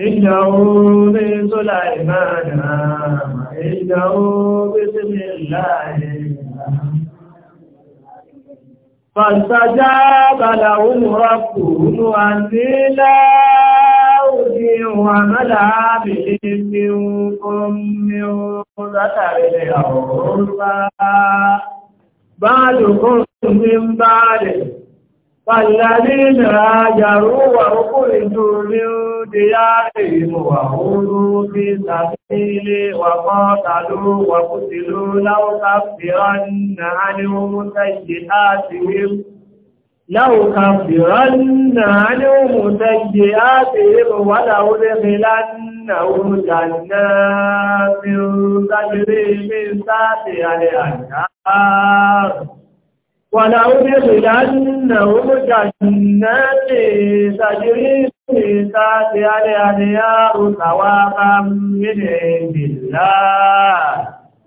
إنه بسليمان إنه بسم الله فاستجاب لهم ربهم أني لا أوديع عمل عامل منكم من ذكر أو أنثى بعدكم من بعد فالذين هاجروا وأخرجوا من ديارهم وأوذوا في سبيلي وقاتلوا وقتلوا لأكفرن عنهم سيئاتهم لأكفرن عنهم سيئاتهم ولأدخلنهم جنات تجري من تحتها الأنهار ولأدخلنهم جنات تجري من تحتها الأنهار ثوابا من عند الله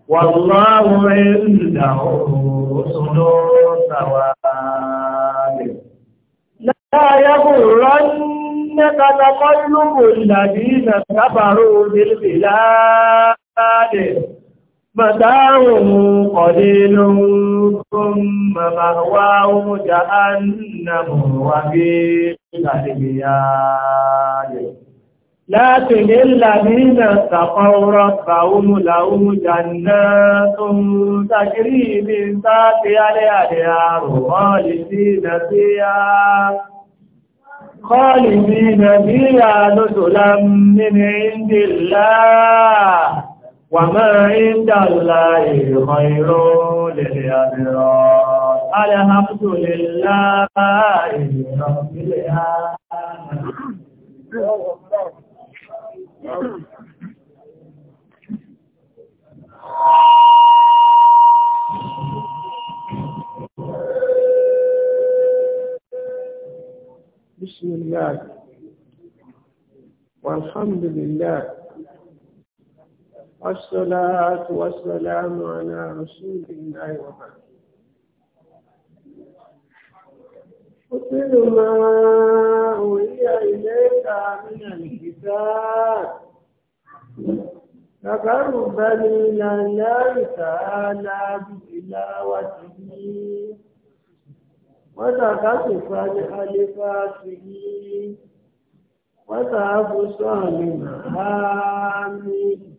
والله عنده حسن الثواب لا يغرنك تقلب الذين كفروا بالبلاد متاعهم قليل ثم مأواهم جهنم وبئس المهاد لكن الذين اتقوا ربهم لهم جنات تجري من تحتها الانهار خالدين فيها خالدين فيها نزلا من عند الله وما عند الله خير للأبرار الحمد لله رب بسم الله والحمد لله والصلاة والسلام على رسول الله وبعد أتل ما أوحي إليك من الكتاب تقربا إلى الله تعالى بتلاوته وتكشفا لخلفاته وتعبسا لمحامده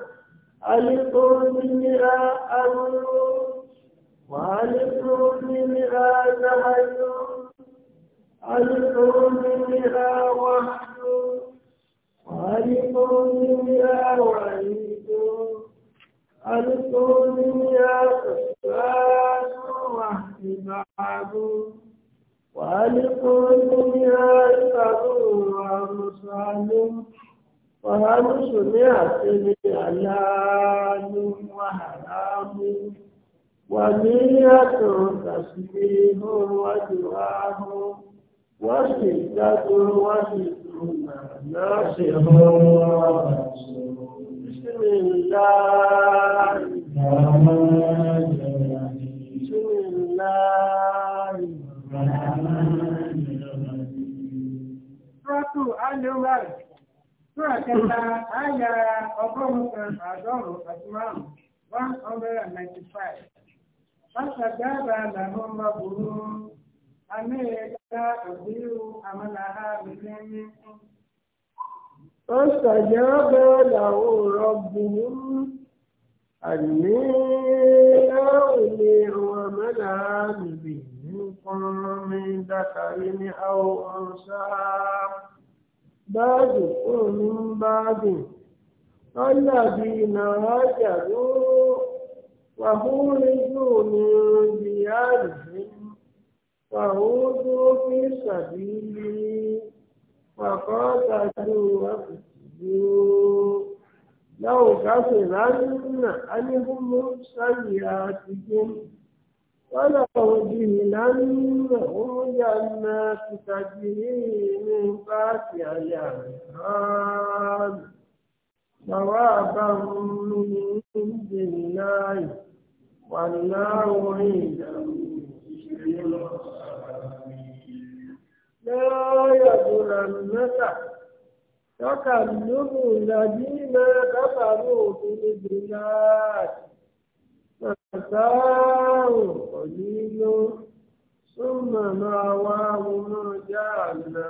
القومها أمر ولقومها نهي ولقومها وحد ولقومها وعيد ولقومها إحسان واهتمام ولقومها صبر ومصالح Fọ̀hánúsù ní àtẹ́lé aláàánú wàhálàámú wà ní àtọ̀ kàṣìlé ohun wájú wáhú wọ́n sì dájú wọ́n sì túnmà náà sì hún wọn. Sími Súra kẹta àyà ọgọ́rùn-ún kan àádọ́rùn-ún àti márùn-ún one hundred and ninety-five. Fásitì àlàmọ́ ma burú ní àwọn mi dákàrí ní àwọn ọ̀sán báàdì fún mi ń báàdì ọlọ́bí náà jàdó wàhúrídù ní bíyàrí wàhúdú fi sàbílì wàkọ́tàdù wàkùtù láwùká fèrè ánìhùn sáyé àtijọ́. ولأدخلنهم جنات تجري من تحتها الأنهار ثوابا من عند الله والله عنده لا يغرنك تكلم الذين كفروا في البلاد sáàrù òní ló súnmọ̀ máa wá wọnú já àná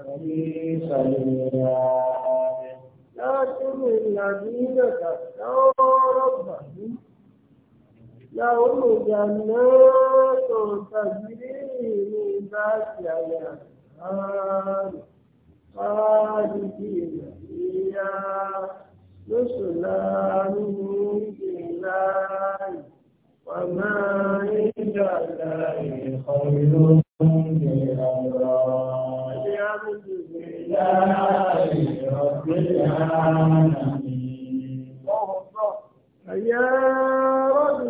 àti ìsàlẹ̀ láàtúmọ̀ ìlànà ìrẹ̀kà lọ́rọ̀bà ní láwọn ìjà náà tó tàbí ní bá ti àyà ààrùn ààrùn ìjìyà رسلا من الله وما عند الله خير للأبرار الحمد لله رب العالمين يا رب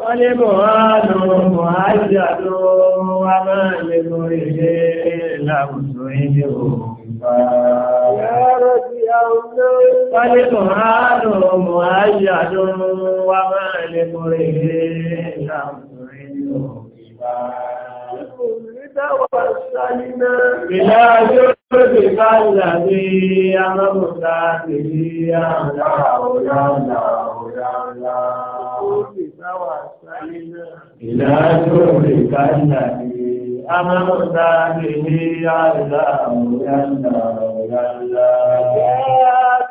ولمهان مؤجل وما لمريد لم تهده Fálẹ́kùnránù mọ̀ ayé àdúnmú wá máa lè múrí ilé ìlàmùrí òkèbá. Ìdáwà sáyíná. Ìlà yóò lè bá ìlàrí amọ́mọ̀ta tèrí àrà òyà àrà òyà àrà. Ìdáwà sáyíná. Ìlà yóò lè bá ìlàrí أمرت به علام يا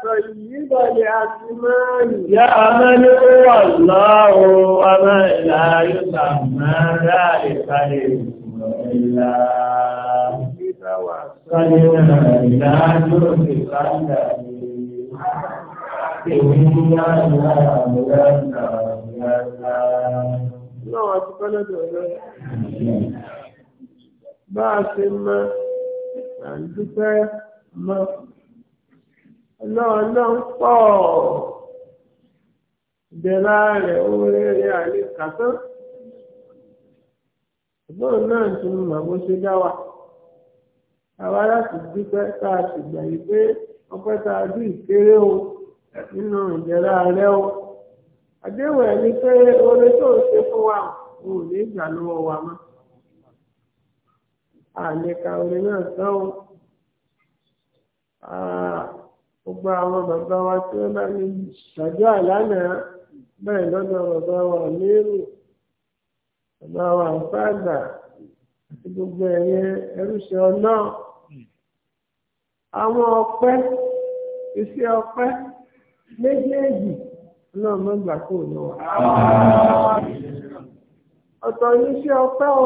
طيب الأسماء يا من هو الله ومن لا يسمى ذلك الاسم إلا توصلنا إلى جهد Náà, a ti kọ́lẹ̀ tó ẹ̀rọ ẹ̀ bá a ṣe mọ à ń dúpẹ́ mọ ọlọ́run náà ń pọ̀ ìdẹ̀ra rẹ̀ oore rẹ̀ àlè kàtán ìbọn náà ti mọ̀ bó ṣe dá wa àwa láti dúpẹ́ tá a sì gbà yí pé ọpẹ́ tá a dún ìkéré o nínú ìdẹ̀ra rẹ̀ o àdéhùn ẹ̀ ni pé oore tó ń ṣe fún wa ò ní ìgbà lọ́wọ́ wa mọ́ àlèkà orin náà sáwọn gbogbo àwọn bàbá wa tí wọ́n bá ní ṣàjọ àlànà bẹ́ẹ̀ lọ́dọ̀ bàbá wa lérò bàbá wa àǹfààgbà àti gbogbo ẹ̀yẹ ẹrúṣẹ́ ọ̀nà àwọn ọpẹ́ iṣẹ́ ọpẹ́ méjèèjì náà mọ́gbà kò náà ọ̀tọ̀ ní iṣẹ́ ọpẹ́ o.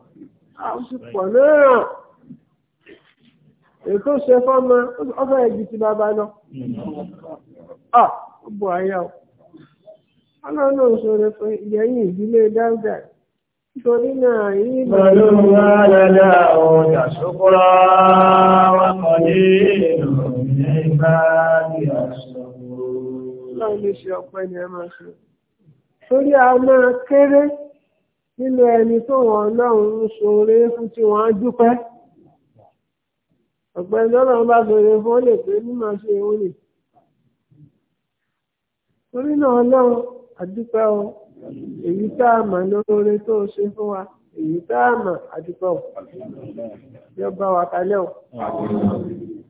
àwùjọpọ̀ náà èkó ṣe fọ́mọ ọfẹ́ ẹ̀jì bàbá lọ. ọ bọ o ọlọ́run náà sọ̀rọ̀ pé ìyẹ́yìn ìdílé dáúdà nítorí náà yìí bá. pẹ̀lú wa dada òun dàsókòrò wa kàn ní èrò ìgbà bí àṣọ. ọlọ́run ṣe ni ẹ máa ṣe. torí a máa nínú ẹni tó wọn ọlọ́run ń ṣoore fún tí wọ́n á dúpẹ́ ọ̀pẹ́ lọ́lọ́run bá bèrè fún ó lè pé mímọ ṣe òun nì torí náà ọlọ́run àdúpẹ́ o èyí tá a mọ̀ lóore tó o ṣe fún wa èyí tá a mọ̀ àdúpẹ́ o yọ bá wa kalẹ̀ o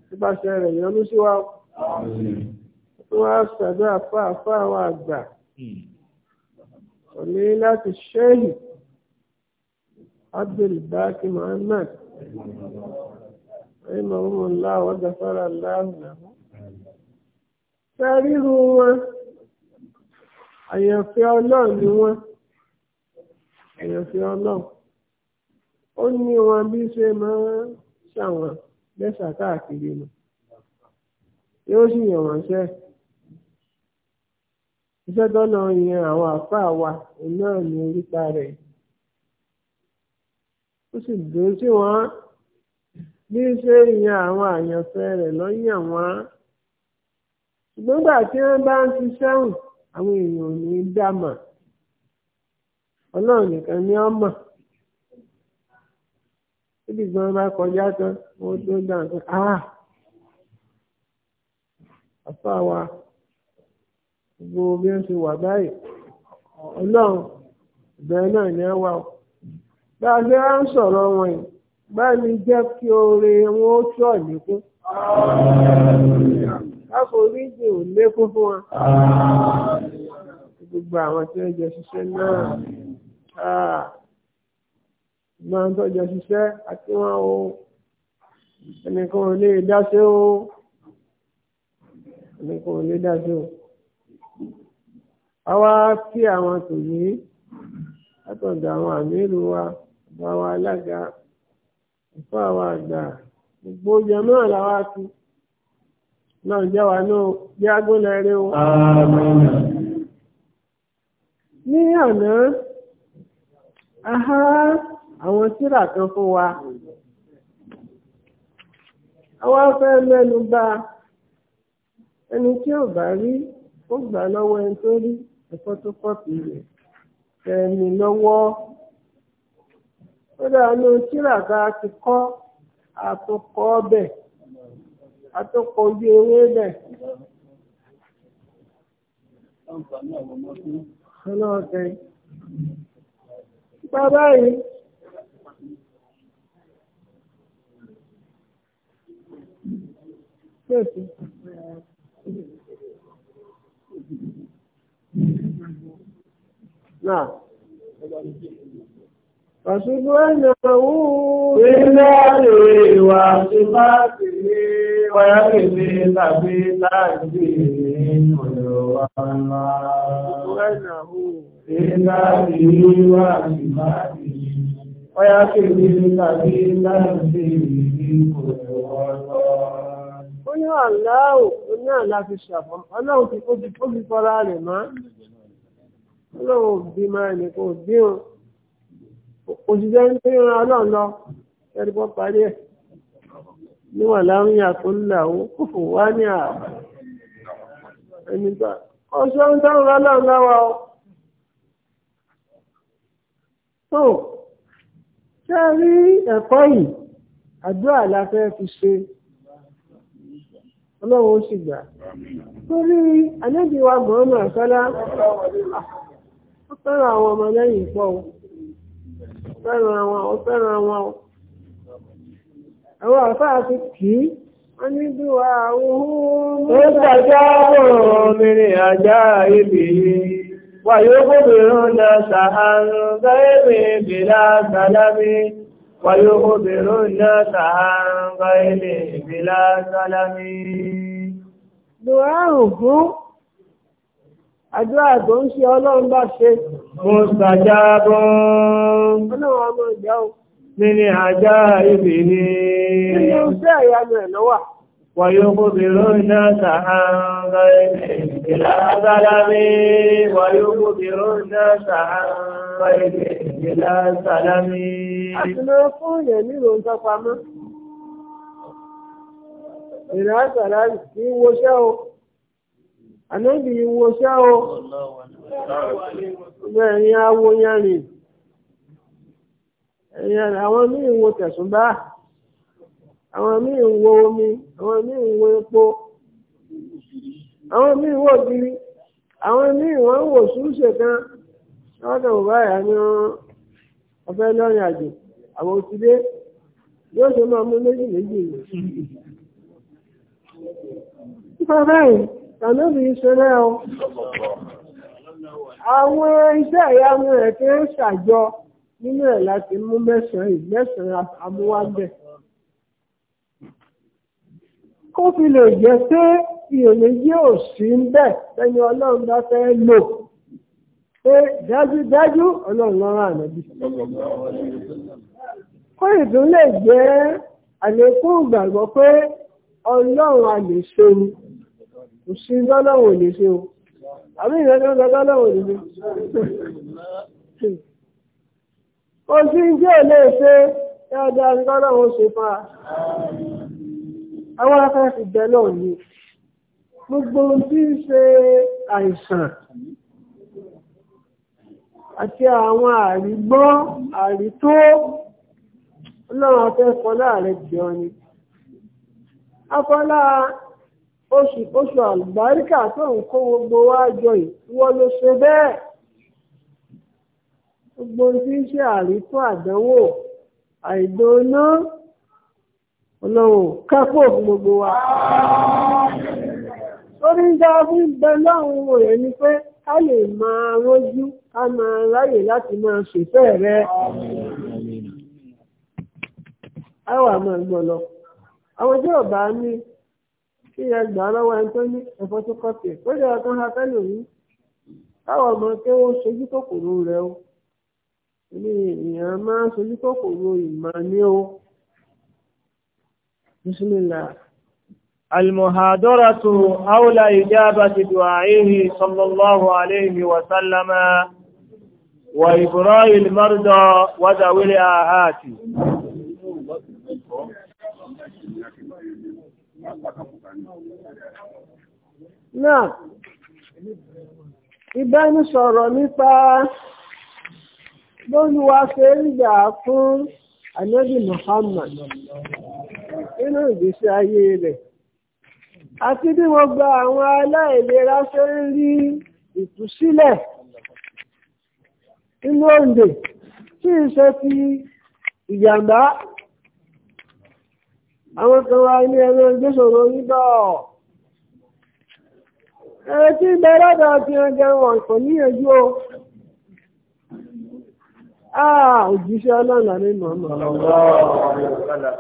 nípasẹ̀ rẹ̀ yọnu sí wa o tí wọ́n á ṣàdúrà fún àfáà wa àgbà hmm. òní láti ṣẹ́yìn. عبد muhammad محمد wa ghafara Allahu lahum. sẹ́ríru wọn àyànfẹ́ ọlọ́run ni wọ́n àyànfẹ́ ọlọ́run ó ní wọn bí ṣe máa ń ṣàwọn lẹ́sà káàkiri nù yóò sì yàn wọ́n ṣẹ́ iṣẹ́ tọ́lọ́ yẹn àwọn àfáà wa òun ní orípa rẹ̀ ó sì dé sí wọn bí ṣe ìyẹn àwọn àyànfẹ́ rẹ̀ lọ́yìn wọn. ṣùgbọ́n gbà tí bá ń ṣiṣẹ́ àwọn èèyàn ò ní dá mà nìkan ni ó mọ̀ níbi tí bá kọjá tán wọ́n tó dá nǹkan áà àfa wa gbogbo bí wọ́n ṣe wà báyìí ọlọ́run ìbẹ̀rẹ̀ náà ni wọ́n wà o. bá a ṣe ń sọ̀rọ̀ wọn yìí bá mi jẹ́ kí oore wọn ó tọ̀ lékún. Káforíjì ò lékún fún wa. Gbogbo àwọn tí ó jẹ ṣiṣẹ́ náà. Máa ń tọ́jọ ṣiṣẹ́ àti wọn o. Ẹnìkan ò lè dá sí o. Ẹnìkan ò lè dá sí o. Àwa kí àwọn tòyí látọ̀dọ̀ àwọn àmì ìlú wa. bàwà alága ẹ̀fọ́ àwọn àgbà gbogbo ọjà náà làwọn náà jẹ́ náà bí agbóná eré o. ní àná àwọn kan fún wa àwa fẹ́ mẹ́nu ẹni tí ò bá rí ó gbà lọ́wọ́ ẹni tó rí kódà ka tíraka ti kọ́ àtòkọ́ ọbẹ̀ àtòkọ́ ojú ewé bẹ̀. nípa báyìí. Náà. فسبحانه بالله وصفاته ويكفي في تكبيره قلوب سبحانه بالله وصفاته ويكفي في تكبيره قلوب ó ní àláò ó ní àlá fi ṣàfọ́n ọlọ́run ti ó fi fọ́ra rẹ̀ máa ọlọ́run bí máa nìkan bí wọn òṣìṣẹ́ ń pín ran ọlọ́run lọ ẹni bọ́ parí ẹ̀ níwọ̀n láwọn yàtọ̀ ńlá òun kò fò wá ní àbá ẹni bá ọṣọ ń dáhùn ọlọ́run lọ́wọ́ o. tó ṣe rí ẹ̀kọ́ yìí àdúrà la fẹ́ fi ṣe ọlọ́run ó sì gbà torí àlejò wa gbọ́n ó fẹ́ràn àwọn ọmọ lẹ́yìn pọ̀ o fẹ́ràn wọn ó fẹ́ràn wọn ó àwọn àfáà ti kì í wọ́n ní bí wà áwọ̀ ó gbàjá bọ̀rọ̀ obìnrin àjá ibi wà yóò gómìnà na sàárùn gáyébì bìlá sàlámì fún àdúrà tó ń ṣe ọlọ́run bá ṣe mọ́sàjábọ́ ọlọ́run ọmọ ìyá o nínú àjá ibì ní nínú iṣẹ́ ìyanu ẹ̀ lọ́wà wàyó kó bèrò iná sàáńgá ìlàsálàmí wàyó kó fún yẹn nílò ń tọpamọ́ ìlàsálàmí kì o ànábì ìwòsẹ́ o ẹ̀yìn awo yẹn rìn ẹ̀yìn àwọn míì wo tẹ̀sùbá àwọn míì wo omi àwọn míì wo epo àwọn míì wo giri àwọn míì wọ́n ń wò ṣúṣe kan wọ́n kàn wọ́n báyà ní ọ̀fẹ́ lọ́rìn àjò àwọn òtúndé yóò ṣe máa mú méjì méjì rẹ̀ tànàbí ìṣẹ́rẹ́ ọ àwọn iṣẹ́ ìyanu rẹ̀ tí ń ṣàjọ nínú ẹ̀ láti mú mẹ́sàn-án ìmẹ́sàn-án amúwágbẹ̀ kó fi lè jẹ́ pé iyèméjì ò sí ń bẹ̀ lẹ́ni ọlọ́run bá fẹ́ lò pé dájúdájú ọlọ́run lọ́rọ̀ ànábì kó ìdún lè jẹ́ àlékún ìgbàgbọ́ pé ọlọ́run a lè ṣe ni kò sí lọ́lọ́wọ̀ ò lè ṣe o àbí ìrẹ́jọ́ lọ́lọ́wọ̀ ò lè ṣe kò sí tí ò lè ṣe dáadáa lọ́lọ́wọ̀ ṣe fa àwọn afẹ́ ti bẹ́ náà ni gbogbo tí ń ṣe àìsàn àti àwọn àrígbọ́ àrító ọlọ́run afẹ́ kọ láàrẹ jẹun ni afọlá oṣù oṣù àlùbáríkà tó ń kó gbogbo wa jọ ìwọ ló ṣe bẹ́ẹ̀ gbogbo tí ń ṣe àrífọ́ àdánwò àìdóná ọlọ́run kápò gbogbo wa. orí ń dá fún bẹ lọ́run rẹ̀ ni pé ká lè máa rójú ká máa ráyè láti máa ṣèfẹ́ rẹ. a wà máa àwọn tí ò ní kí ẹ gbà lọ́wọ́ ẹni tó ní ẹ̀fọ́ tó kọ́tì ẹ̀ ó lè wà tó ń ha fẹ́lẹ̀ òní káwọn ọmọ pé ó ṣojú kòkòrò rẹ o ní èèyàn máa ṣojú kòkòrò ìmọ̀ o. bismillah. المهادرة أولى إجابة دعائه صلى الله عليه وسلم وإبراء المرضى وذوي الآهات náà ìbánisọ̀rọ̀ nípa bóluwa ṣe ń fún anabi Muhammad inú ìgbésí ayé rẹ̀ àti bí wọ́n gba àwọn aláìlera ṣe ń rí ìtúsílẹ̀ inú òǹdè tí ń ṣe ti ìjàmbá àwọn kan wá ní ẹran gbésòrò nígbà ẹ̀rọ tí ń bẹ lọ́dọ̀ tí wọ́n jẹ́ wọn kò níyànjú o òjíṣẹ́ ọlọ́run ní mọ̀ọ́mọ̀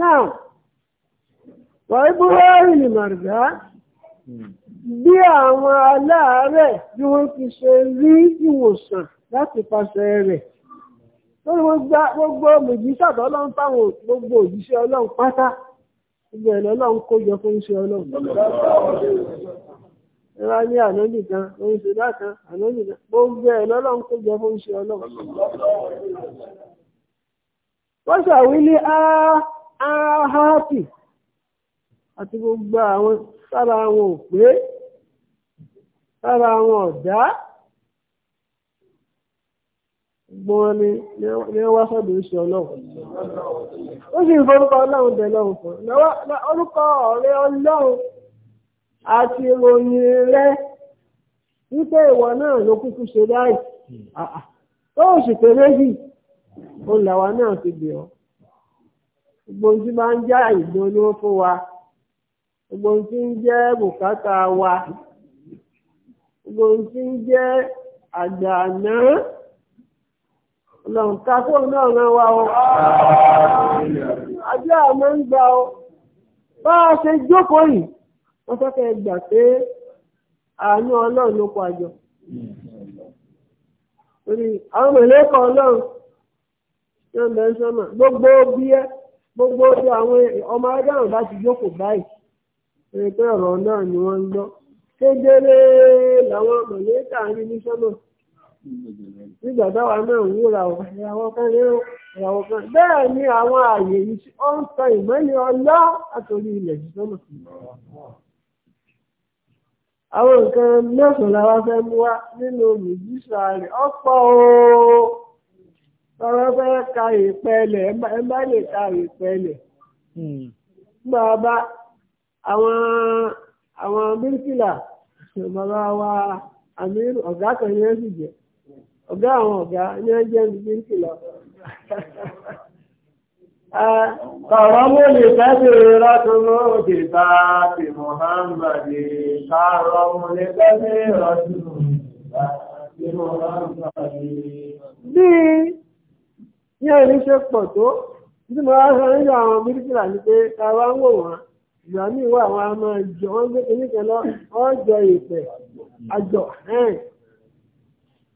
náà wà ibúwárì ní màrìdá bí àwọn aláàárẹ̀ bí wọ́n ti ṣe rí ìwòsàn láti pàṣẹ rẹ̀ lórí gbogbo mèjìṣà tọ́lọ́run táwọn gbogbo òjíṣẹ́ ọlọ́run pátá gbogbo ẹ̀ lọ́lọ́run kó jọ fún iṣẹ́ ọlọ́run. ìwà ní ànọ́nì kan lórí ṣẹlá kan ànọ́nì kan gbogbo ẹ̀ lọ́lọ́run kó jọ fún iṣẹ́ ọlọ́run. wọ́n ṣàwílé áháàtì àti gbogbo àwọn sára àwọn òpé sára àwọn ọ̀dá. gbọ́nni ní wá sọ́dọ̀ oṣù ọlọ́run ó sì ọlọ́run bẹ̀ lọ́run fún ọ̀rẹ́ ọlọ́run àti ìròyìn rẹ wípé náà ló kúkú ṣe láì hmm. tó pé méjì ó wa gbogbo tí ń wa gbogbo tí ń jẹ́ ọlọ́run ta náà wa o àjọ àmọ́ ń gba bá a ṣe jókòó yìí wọ́n fẹ́ ẹgbà pé àánú ọlọ́run ló àjọ torí àwọn mẹ̀lẹ́kọ̀ ọlọ́run ní ọ̀bẹ ń gbogbo bí ọmọ adáhùn bá ti jókòó báyìí ẹni pé náà ni wọ́n ń gbọ́ làwọn nígbà táwa náà ń wúra o kan lé o kan bẹ́ẹ̀ ni àwọn ààyè yìí ó ń sọ ìmọ́lẹ̀ ọlá àtòrí ilẹ̀ sísọ́nà. àwọn nǹkan mẹ́sàn-án la fẹ́ mú wá nínú mùjísà rẹ̀ ọ̀pọ̀ o tọ́wọ́ fẹ́ ka ìpẹ́lẹ̀ ẹ bá lè ka ìpẹ́lẹ̀ bàbá àwọn àwọn bíríkìlà bàbá wa àmì ọ̀gá kan yẹn sì jẹ́. ọ̀gá àwọn ọ̀gá ní ọjọ́ ìbí ń kìlọ̀. Kàrọ́mù lè tẹ́sí rọ́tún lóò ti bá ti Mùhàmmàdì. Kàrọ́mù lè tẹ́sí rọ́tún ti Mùhàmmàdì. Bí ní ẹ̀rí ṣe pọ̀ tó, tí mo wá sọ nígbà àwọn pé ń wò wọ́n. Ìgbà míì wà a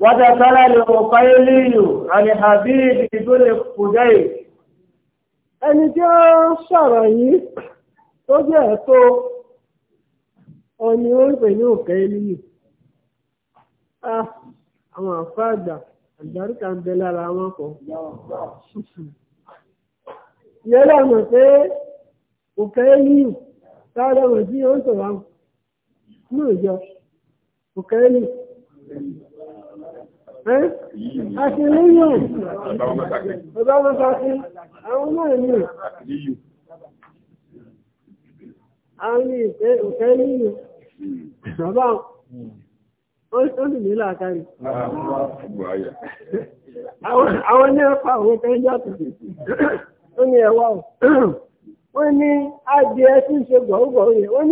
ودخل العقيلي عن حبيب بن قديس ẹni tí ó ń sọ̀rọ̀ yìí tó jẹ́ ẹ̀tọ́ ọ̀ni ó ń pè ní òkè lílì àwọn àfa àgbà àgbàríkà ń bẹ lára wọn kọ. ìyẹn lọ́nà pé òkè lílì táwọn ọmọ tí ó ń sọ̀rọ̀ àwọn ní ìjọ òkè lílì. àti níyù ọ̀dọ́mọ́sáfí eh? àwọn náà ní àwọn ní ìfẹ́ níyù bàbá ó sì nílò àkárí àwọn ní ọpa òun kẹjọ́ tó ní ẹwà ò wọ́n ní adìẹ tí ń ṣe gbọ̀ọ́gbọ̀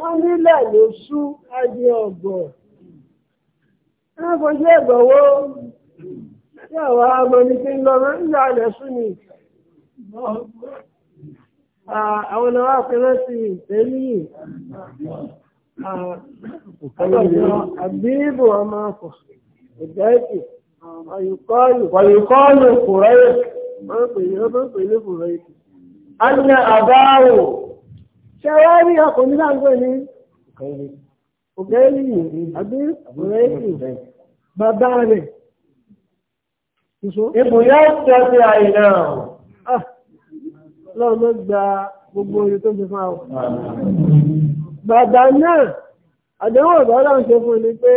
wọ́n nílẹ̀ ló sú adé ọ̀gbọ̀. wọ́n fojú ẹ̀gbọ̀wọ́ tí àwọn amọ̀ni ti ń lọ nílẹ̀ alẹ̀ sú ni. àwọn ọ̀nà wa fi rántí ìtẹ́lẹ̀ àbíbù ọmọ ọkọ̀ ìgbẹ́ẹ̀kì ọ̀yùkọ́lù kùrẹ́ẹ̀kì. wọ́n pè é kùrẹ́ẹ̀kì. a ní àbáwò ṣe wá rí ọkùnrin náà ń pè ní ògẹ́rì àbí ògẹ́rì bàbá rẹ̀. Ibùdó ẹ̀sẹ̀ ti àìnà. Lọ́run ló gba gbogbo orin tó ti fún àwọn. Bàbá náà, àdéhùn ọ̀dọ́ ọlọ́run ṣe fún ni pé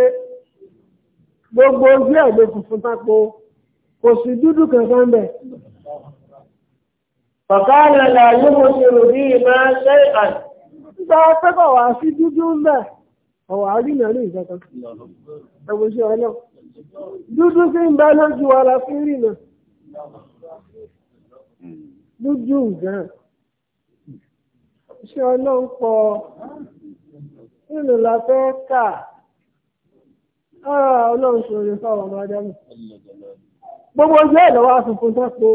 gbogbo ojú ẹ̀ ló funfun tápo, kò sí dúdú kankan bẹ̀. ka làyé mo ṣe rò bí ìmọ̀ ṣe àn. Nígbà pẹ́kọ̀ wá sí dúdú ń bẹ̀, ọ̀wọ̀ àrínà ní ìjọba. Ẹ̀wọ̀n ṣe ọ̀nà. Dúdú sí ń bẹ lójú wa la fi Dúdú Ṣé ọ̀nà ń pọ̀? la fẹ́ kà. Ah, ṣòro fáwọn Gbogbo ojú ẹ̀ lọ́wọ́ tó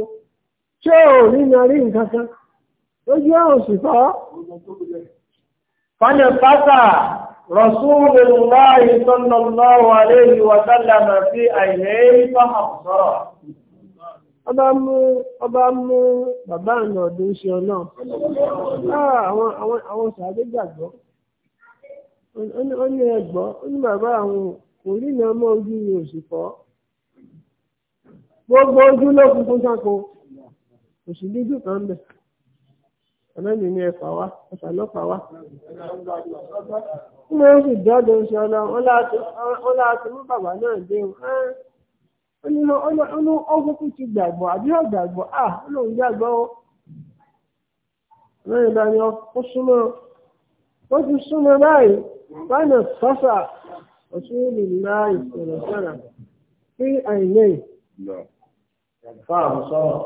ṣé ò ní na rí nǹkan kan ó jẹ́ òṣìṣọ́ fọ́nà pátá rasulullahi sallallahu alayhi wa sallam fi àìlè fọ́hàbùsọ́rọ̀ ọba mú ọba mú bàbá àna ọ̀dún ṣe ọ̀nà ah, àwọn àwọn àwọn sàádé gbàgbọ́ ó ní ẹgbọ́ ó ní bàbá àwọn kò rí ìnáwó ojú ni òṣìfọ́ gbogbo ojú ló funfun sáko kò sí dídùn kan bẹ̀ ọlọ́run ní ẹ̀fà wa ẹ̀fà lọ́fà wa. Mo ń sì dọ́dọ̀ ṣe ọ̀nà ó láti mú bàbá náà dé o. Ó ní ọgbọ́n kú ti gbàgbọ́ àbí ọ̀gbàgbọ́ à ó lòun gbàgbọ́ o. Lẹ́yìn ìgbà ni ó súnmọ́ ó ti súnmọ́ báyìí báyìí sọ́sà ọ̀tún ìlú ńlá ìṣẹ̀lẹ̀ sọ̀rọ̀ sí àìlẹ́yìn. Fáàmù sọ̀rọ̀.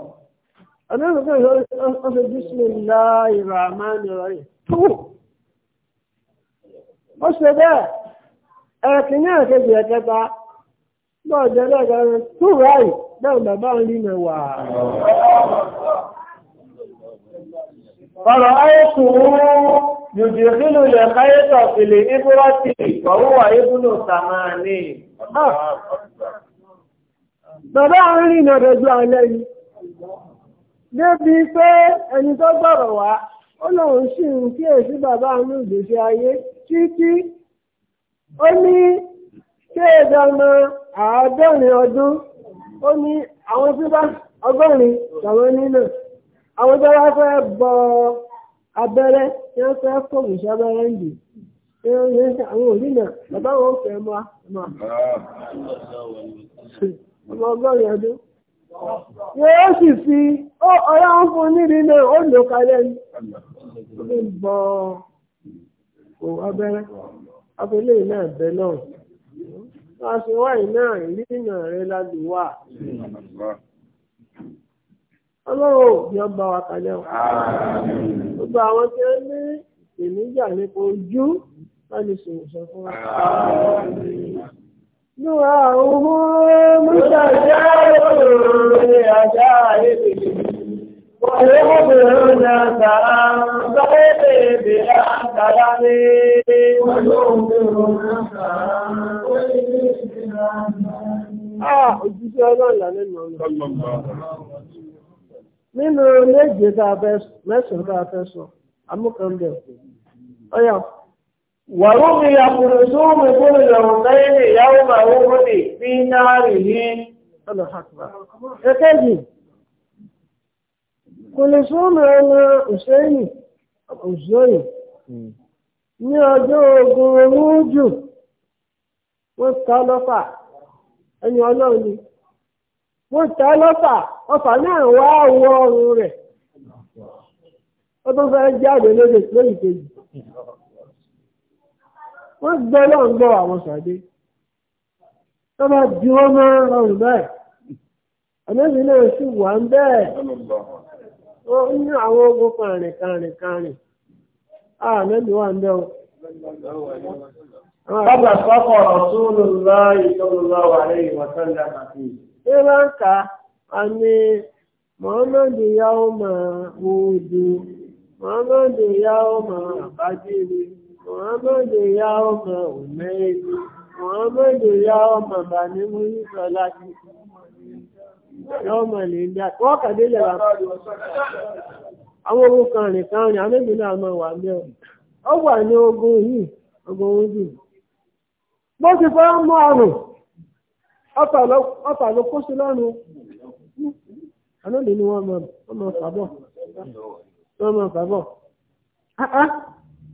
Annabi kan yi ƙasa bismillahi rahmanir rahim. To, ó ṣe bẹ́ẹ̀, ẹ̀kì ní àkejì ẹ̀kẹta, náà jẹ́ lẹ́gbẹ̀rẹ̀ tó ráì náà bàbá ń rí mẹ́wà. Ọ̀rọ̀ ayẹ́kù yùdì ìfínú ilẹ̀ káyẹ́tọ̀ fìlè ìbúrọ́tì ìkọ̀wúwà ìbúnú tàmáàní. Ah. Bàbá ń rí ìnà débi pé ẹni tó gbọ̀rọ̀ wá ó lóun sì ń kíyèsí bàbá àánú ìgbésí ayé títí ó ní kéèdọ́mọ àádọ́rin ọdún ó ní àwọn tí bá ọgọ́rin làwọn nínà àwọn tó bá fẹ́ bọ abẹ́rẹ́ tí wọ́n fẹ́ kóògùn sábẹ́rẹ́ ń dì tí wọ́n ní àwọn òrìnà bàbá wọn fẹ́ mọ́ ọmọ ọgọ́rin ọdún wọ́n sì fi ọ̀yá ń fún níbi ilé òǹdò kalẹ̀ ní gbọ́n abẹ́rẹ́ abẹ́lé náà bẹ́ náà wọ́n sì wáyé náà ìrìnà rẹ̀ ládùúwà ọlọ́run ò bí ọba wa kalẹ̀ o gbogbo àwọn tí wọ́n ní ìpèníjà nípa ojú wọ́n lè sọ̀rọ̀ sọ fún wa. دعاؤه متجاوز لعجائبه ويخبرون عن صحيح بأحسن Òjíṣẹ́ ọlọ́ọ̀lá nínú ọ̀nà. Nínú méje tá a fẹ́ mẹ́sàn-án tá a fẹ́ sọ, amúkan bẹ̀. Ọ̀yà. ورمي خرسوم كل يومين يوم أهد في ناره الله أكبر فكذي خرسوم أنا أسيني أسيني ní ọjọ́ ogun orújù wọ́n ta lọ́fà ẹni ọlọ́run ni wọ́n ta lọ́fà ọfà náà wá wọ ọrùn rẹ̀ ó tó fẹ́ jáde lóde kejì. wọ́n gbọ́ lọ́n gbọ́ àwọn sàdé wọ́n bá di wọ́n máa rọrùn báyìí ọ̀nẹ́bí náà sì wà ń bẹ́ẹ̀ wọ́n ní àwọn ogun kàrìn kàrìn kàrìn ààlẹ́bí wà ń bẹ́ o. sọ́kọ̀ wà Ṣé ní máa wo ojú, máa bá محمد يوم أميد محمد يوم بني مرسلات yọ́mọ lè ń dá ọmọ lẹ́wà àwọn ogun kan rìn kan rìn ya náà mọ̀ wà mẹ́ ọ wà ní ogun yìí ogun ohun jù bó ti fẹ́ ló kó sí lọ́nu wọ́n mọ̀ mọ̀ wọ́n mọ̀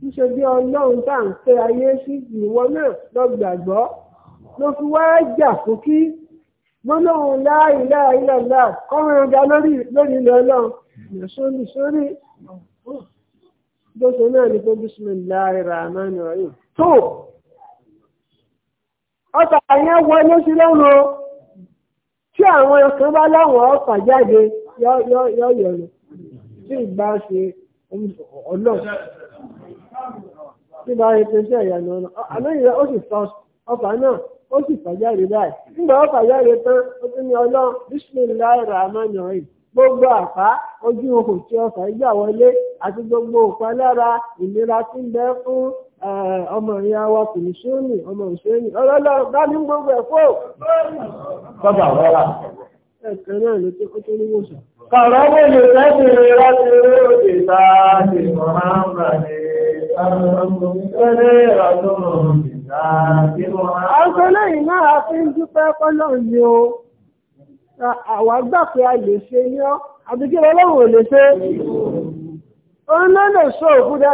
ṣíṣe bí ọlọ́run tá à ń pé ayé sí ìwọ náà lọ gbàgbọ́ ló fi wá jà fún kí gbólóhùn láìláìlọ́lá kọ́rin ọjà lórí ilẹ̀ ọlọ́run sórí sórí gbóṣe náà ní pé bísímìláì ràmánì ọ̀yìn tó ọta yẹn wọlé sí lẹ́nu tí àwọn kan bá láwọn ọkà jáde yọ yọ yọ yọrọ tí ìgbà ṣe ọlọ́run. nígbà ayé tó ṣe ẹ̀yà náà náà àlóyìn ó sì sọ ọfà náà ó sì fàjáde báyìí nígbà ó fàjáde tán ó tún ní ọlọ́run bisimilayi rahman rahim gbogbo àpá ojú ohò tí ọfà ìjà wọlé àti gbogbo ìlera tí ń bẹ fún ọmọ ìyá wa kò gbogbo ẹ̀ fò. náà ló kó tó Àṣẹ́lẹ̀ iná àti ń dúpẹ́ pọ́lọ̀ ni o. Àwa gbà pé a lè ṣe ní ọ́, àbíkí ọlọ́run lè ṣe. Orin náà lè ṣọ́ òkúdá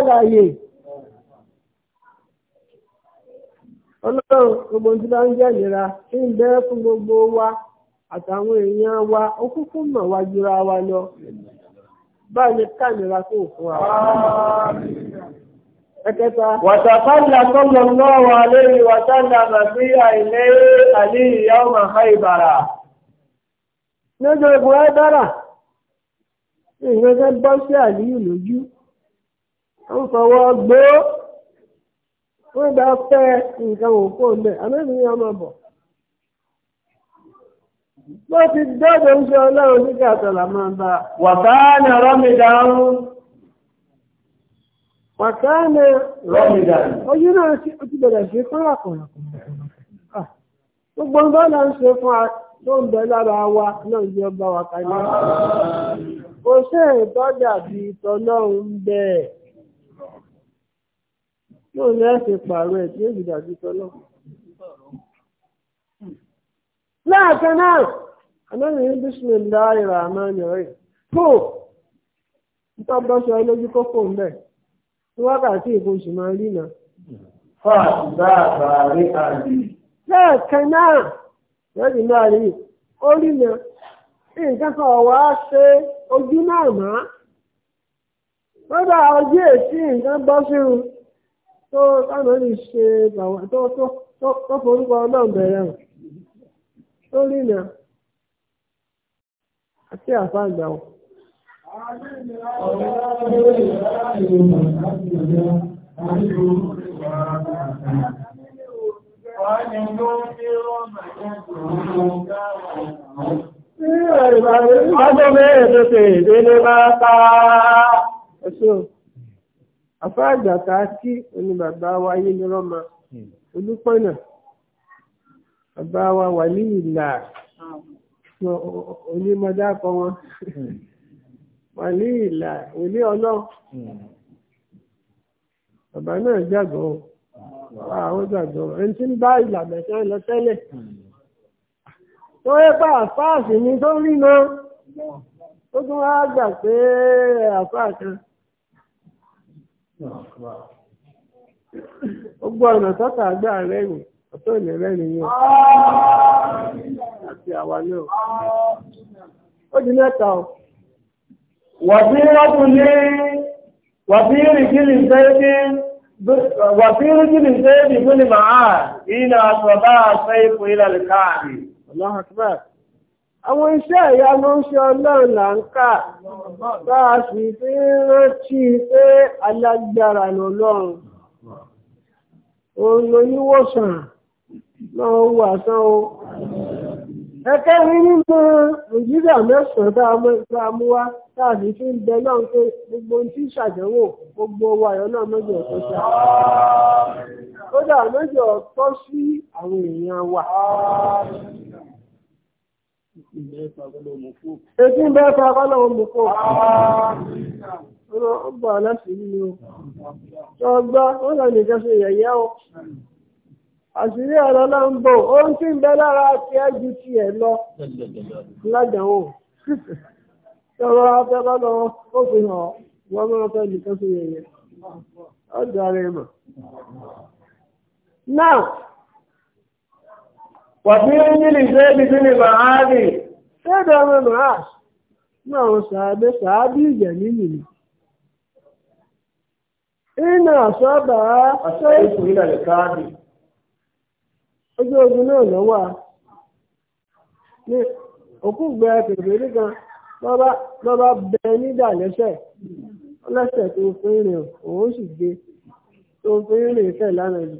Ọlọ́run gbogbo ń jẹ́ ìlera, ń bẹ́ fún gbogbo wa àtàwọn èèyàn wa, mọ̀ wájúra wa lọ. Báyìí ká ìlera kó fún Wàtàkọ́lá sọ́lọ̀ lọ́wọ́ aléyìn wàtàlá màfíà ilé àlíyì yàó máa ha ìbàrà. Ní ọjọ́ ìbò ẹ dára, ìgbẹ́gbẹ́ bọ́ sí àlíyì lójú. Ó fọwọ́ gbó, wọ́n bá fẹ́ nǹkan òkú mẹ́, àmẹ́bí ni ọmọ bọ̀. Wọ́n ti dọ́dọ̀ ń ṣe ọlọ́run nígbà tọ̀là máa bá. Wàbá nàrọ́ mi dáhùn. Pàtàánà ojú náà ojú bẹ̀rẹ̀ fún ah, Gbogbo fún ń lára wa náà jẹ́ bá wa kalẹ̀. Kò ṣe ìtọ́jà bí tọ́lọ́run ń bẹ. Yóò ní ẹ̀sìn pààrọ̀ ẹ̀ tí ó sì dàbí náà, àmọ́rin ní Bísmìlá ìrà àmọ́ ìrìn. Kò, kókó tí wákàtí ìbò sì máa rí nà. fáàtì bá àbárí àbí. lẹ́ẹ̀kan náà lọ́dì máa rí nǹkan kan ọ̀wá ṣe ojú náà mọ́. kódà ojú èsì nǹkan bọ́ sírun tó táwọn lè ṣe bàwá tó tó forúkọ náà bẹ̀rẹ̀ O àti àfàgbà Ọjọ́ mẹ́rin tó ṣe ìdílé máa táa. Ẹ̀ṣọ́, àfá àgbàta kí oní bàbá wa yé ní rọ́mà, olúpọ̀nà, bàbá wa wà ní ìlà, onímọ̀dá kọ wọn. wàlí ìlà òní ọlọ́run bàbá náà jàgbọ́ àwọn jàgbọ́ ẹni tí ń bá ìlànà ṣe lọ tẹ́lẹ̀ tó yẹ àfáàsì ni tó rí náà ó tún wá gbà pé àfáà ọ̀nà àgbà rẹ̀ ọ̀tọ́ ìlẹ̀ rẹ̀ وفي رجل وفي رجل زيد وفي رجل زيد بن معاذ àwọn iṣẹ́ ń ṣe ọlọ́run là ń kà fi ń pé alágbára lọ́lọ́run òun náà wà sán o ẹ̀kẹ́rin nínú nàìjíríà mẹsàn án tá a mú wá tá a náà pé gbogbo ohun tí ń ṣàdánwò gbogbo owó náà tó kódà sí àwọn èèyàn wa. Ètí ń fa kọ́lọ̀ mú kó. Ọgbà aláṣìírí ni ó. lọ nìkan ṣe yẹ̀yẹ́ àṣírí ọ̀rọ̀ náà ń bò ó ń sì ń bẹ lára ti ti ẹ̀ lọ ládàáwò tọrọ afẹ́fẹ́ ó fi hàn wọ́n mọ́ fẹ́ nìkan sí yẹyẹ ó dára ẹ̀ mọ̀. náà wàbí ó lè ṣe ọmọ àwọn sàábé sàábé nínú ni. àṣọ bàá àṣọ ojú ogun náà lọ wà ní òkú gbẹ kèfèrí kan lọ́ba bẹ nídà lẹ́sẹ̀ lẹ́sẹ̀ tó fi ń rìn òun sì gbé tó fi ń rìn fẹ̀ lánàá yìí.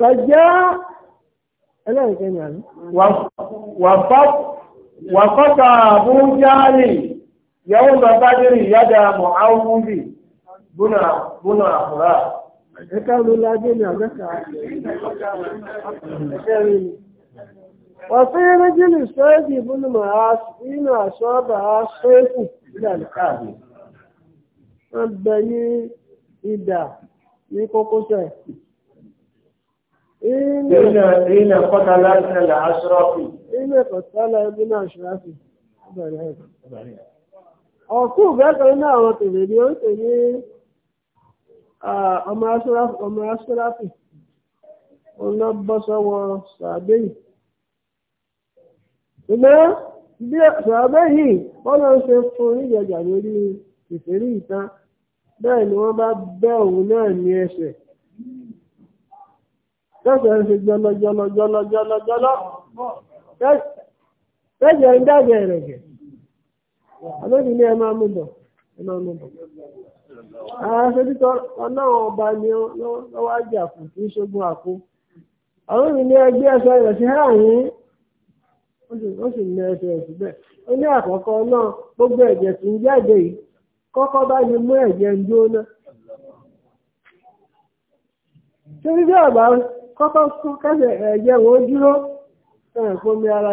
Bàjẹ́ ẹlẹ́rìnkẹ́ ni àná. Wàfọ́tà Bújáàlì yàwó bàbá Dérì yàdà Mùháwúdì búnà àfúrà ẹ̀kẹ́rù ládé ní àgbẹ́ta ẹ̀kẹ́rin ni wà fún ẹrẹ́jìnì sọ́ẹ̀dì ìbúnumọ̀ nínú àṣọ́bà sọ́ẹ̀kù ìdàlùkààbì wọ́n bẹ ní ìdà ní kókósẹ̀ Ilé kọ́tàlá ìrìnlẹ̀ àṣírọ́fì. Ilé kọ́tàlá ìrìnlẹ̀ àṣírọ́fì. Ọkùn bẹ́ẹ̀ ọmọ asúráfì ọlọ́bọ́sọ́wọ́ sàbẹ́yì ṣùgbọ́n bí sàbẹ́yì bọ́lá ń ṣe fún oníjàjà lórí ìfèrí ìta bẹ́ẹ̀ ni wọ́n bá bẹ́ òun náà ní ẹsẹ̀ ń ṣe àṣetítọ́ ọlọ́run ọba ni lọ́wọ́ àjà ṣogun àwọn mi ní ẹgbẹ́ ẹ̀ṣọ́ rẹ̀ sí àárín ó sì ní ẹsẹ̀ rẹ̀ síbẹ̀ ó ní àkọ́kọ́ náà gbogbo ẹ̀jẹ̀ tí ń jáde yìí kọ́kọ́ bá ní mú ẹ̀jẹ̀ ń kọ́kọ́ ẹ̀jẹ̀ wọn dúró fún mi ara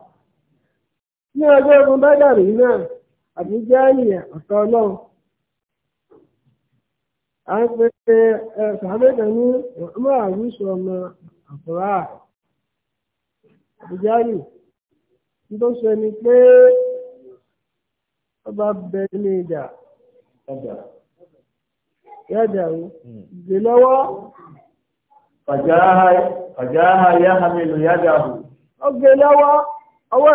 ní ọjọ́ ogun bádàrí náà àbújá àyè ọ̀tọ̀ náà a ń pe ní ọmọ àwùjọ ọmọ àkùrá àbújá àyè tó sọ ni pé ọba bẹ ní ìjà yájà o hmm. dè lọ́wọ́. fàjáhà yáhàmìlú o. ó lọ́wọ́ ọwọ́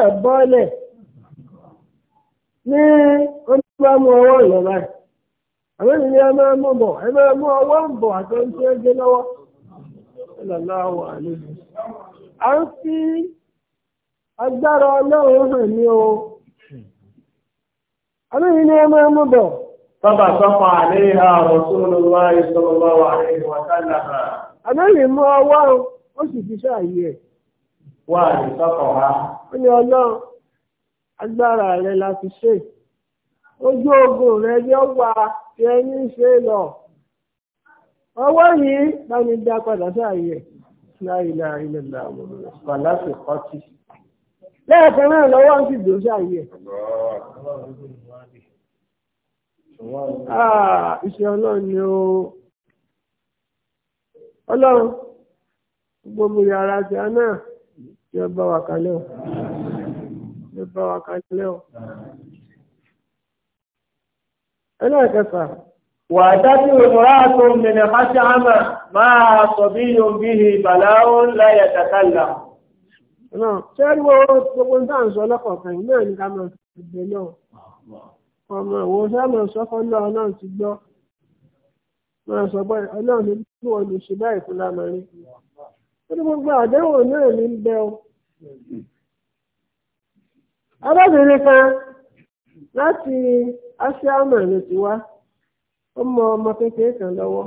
ní onígbà mú ọwọ́ ìyọ̀bá ẹ̀ àwọn ènìyàn ẹ máa bọ̀ ẹ máa ọwọ́ ń bọ̀ àti ohun tí ó gbé lọ́wọ́ ìlàláwọ̀ àlejò à ń fi agbára ọlọ́run hàn ní o àwọn ènìyàn bọ̀. Bàbá tó ń lọ agbára rẹ la fi ṣe ojú ogun rẹ yóò wà tí ẹni ṣe lọ ọwọ́ yìí báni dá padà sí ààyè láìlà ilẹ̀lá pàlásì kọ́tì lẹ́ẹ̀kan náà lọ́wọ́ ń sì dòó sí ààyè ah, iṣẹ́ ọlọ́run ni o ọlọ́run gbogbo yàrá tí a náà bá wà kalẹ̀ o bá wa kalẹ̀ o. ẹlẹ́ẹ̀kẹfà wà dájú ìmúra tó mìnà máṣe àmà máa sọ bí yóò bí i bàlá ó ń láyà tàkàlà. ṣé ẹ wo gbogbo nǹkan sọ lọ́kọ̀ọ̀kan yìí náà ní ká máa fi gbé náà ọmọ ìwọ sáàmù sọ́kọ́ náà ọlọ́run ti gbọ́ máa sọ pé ọlọ́run ní bí wọ́n lè ṣe báyìí fún lámàrin. ó ní gbogbo àdéhùn náà ní bẹ́ẹ̀ o. arábìnrin kan láti asiama ló ti wá ó mọ ọmọ kékeré kan lọ́wọ́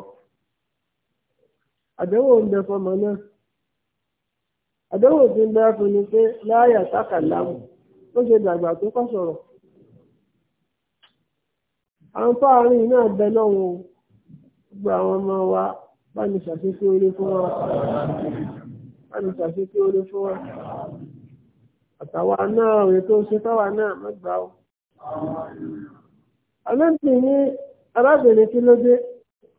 àdéhùn ń fọmọ náà àdéhùn ti ń bẹ fún ni pé láyà tákàlámù ó ṣe dàgbà tó kọ́ sọ̀rọ̀ àwọn fáàrin náà bẹ lọ́wọ́ gbogbo àwọn ọmọ wa àtàwa náà rèé tó ṣe táwa náà mẹ́gbà ó. alẹ́ǹtì ní arábìnrin kí ló dé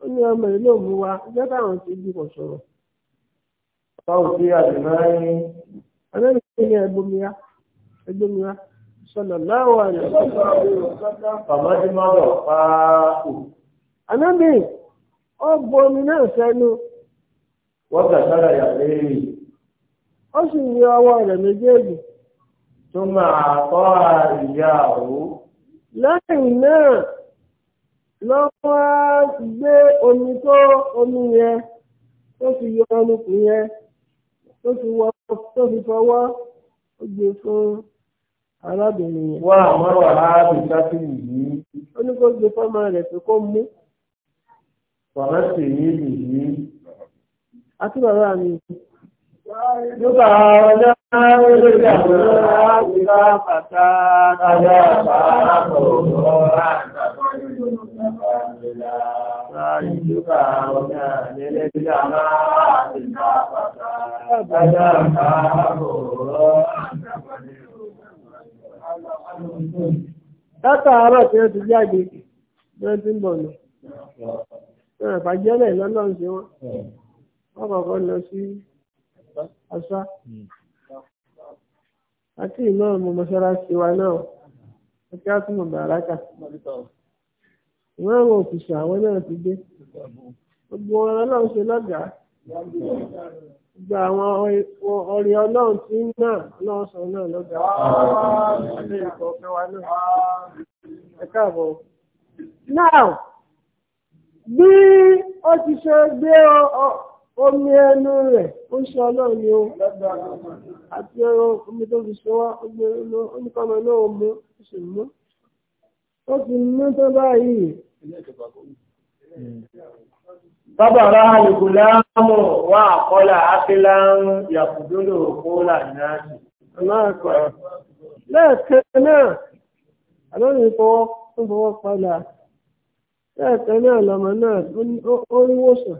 ó ní ọmọ yìí wa jẹ́ káwọn ti bí kò sọ̀rọ̀. báwo sí àdìmáyé. alẹ́ǹtì ní ẹgbómiya ẹgbómiya sọ̀nà láwọn àyè. bàbáde má lọ pa kù. anábì ó bomi náà sẹ́nu. wọ́n tó máa kọ́ ìyá o. lẹ́yìn náà lọ wá gbé omi tó omi yẹn tó fi yọ ọmọkùn yẹn tó fi wọ tó fi fọwọ́ ó gbé fún arábìnrin yẹn. wá àwọn wàhálà àbíká sí yìí. ó ní kó gbé fọ́mọ rẹ̀ pé kó mú. bàbá sì ní ìlú yìí. àti bàbá mi. nígbà ọjọ́. Látàárọ̀ tí ó ti jáde, wọ́n ti ń bọ̀ lọ. ẹ̀fà jẹ́lẹ̀ lọ́lọ́run sí wọn. Wọ́n kọ̀ọ̀kan lọ sí ọ̀sá àti ìmáàmù mọ́ṣáláṣí wa náà àti àtúmọ̀ bàràkà ìmáàmù òkùsà àwọn náà ti dé gbogbo wọn ọlọ́run ṣe lọ́gàá gbogbo àwọn ọ̀rẹ́ ọlọ́run tí ń náà ọlọ́run sọ náà lọ́gàá àti ìkọ̀ọ̀kan wa náà ẹ káàbọ̀ now bí ó ti ṣe gbé ọ omi ẹnu rẹ̀ ó ń ṣe ọlọ́run ni ó àti ẹran omi tó fi ṣọwá oníkọ́mọ e náà ó mú ó sì mú ó ti mú tó báyìí. Bábà rá àlùkù láàmù wá àkọ́là ápílá ń yàkùdúrò kólà náà. Lẹ́ẹ̀kan náà, àlọ́rin fọwọ́ padà. Lẹ́ẹ̀kan náà lọ́mọ náà ó rí wòsàn.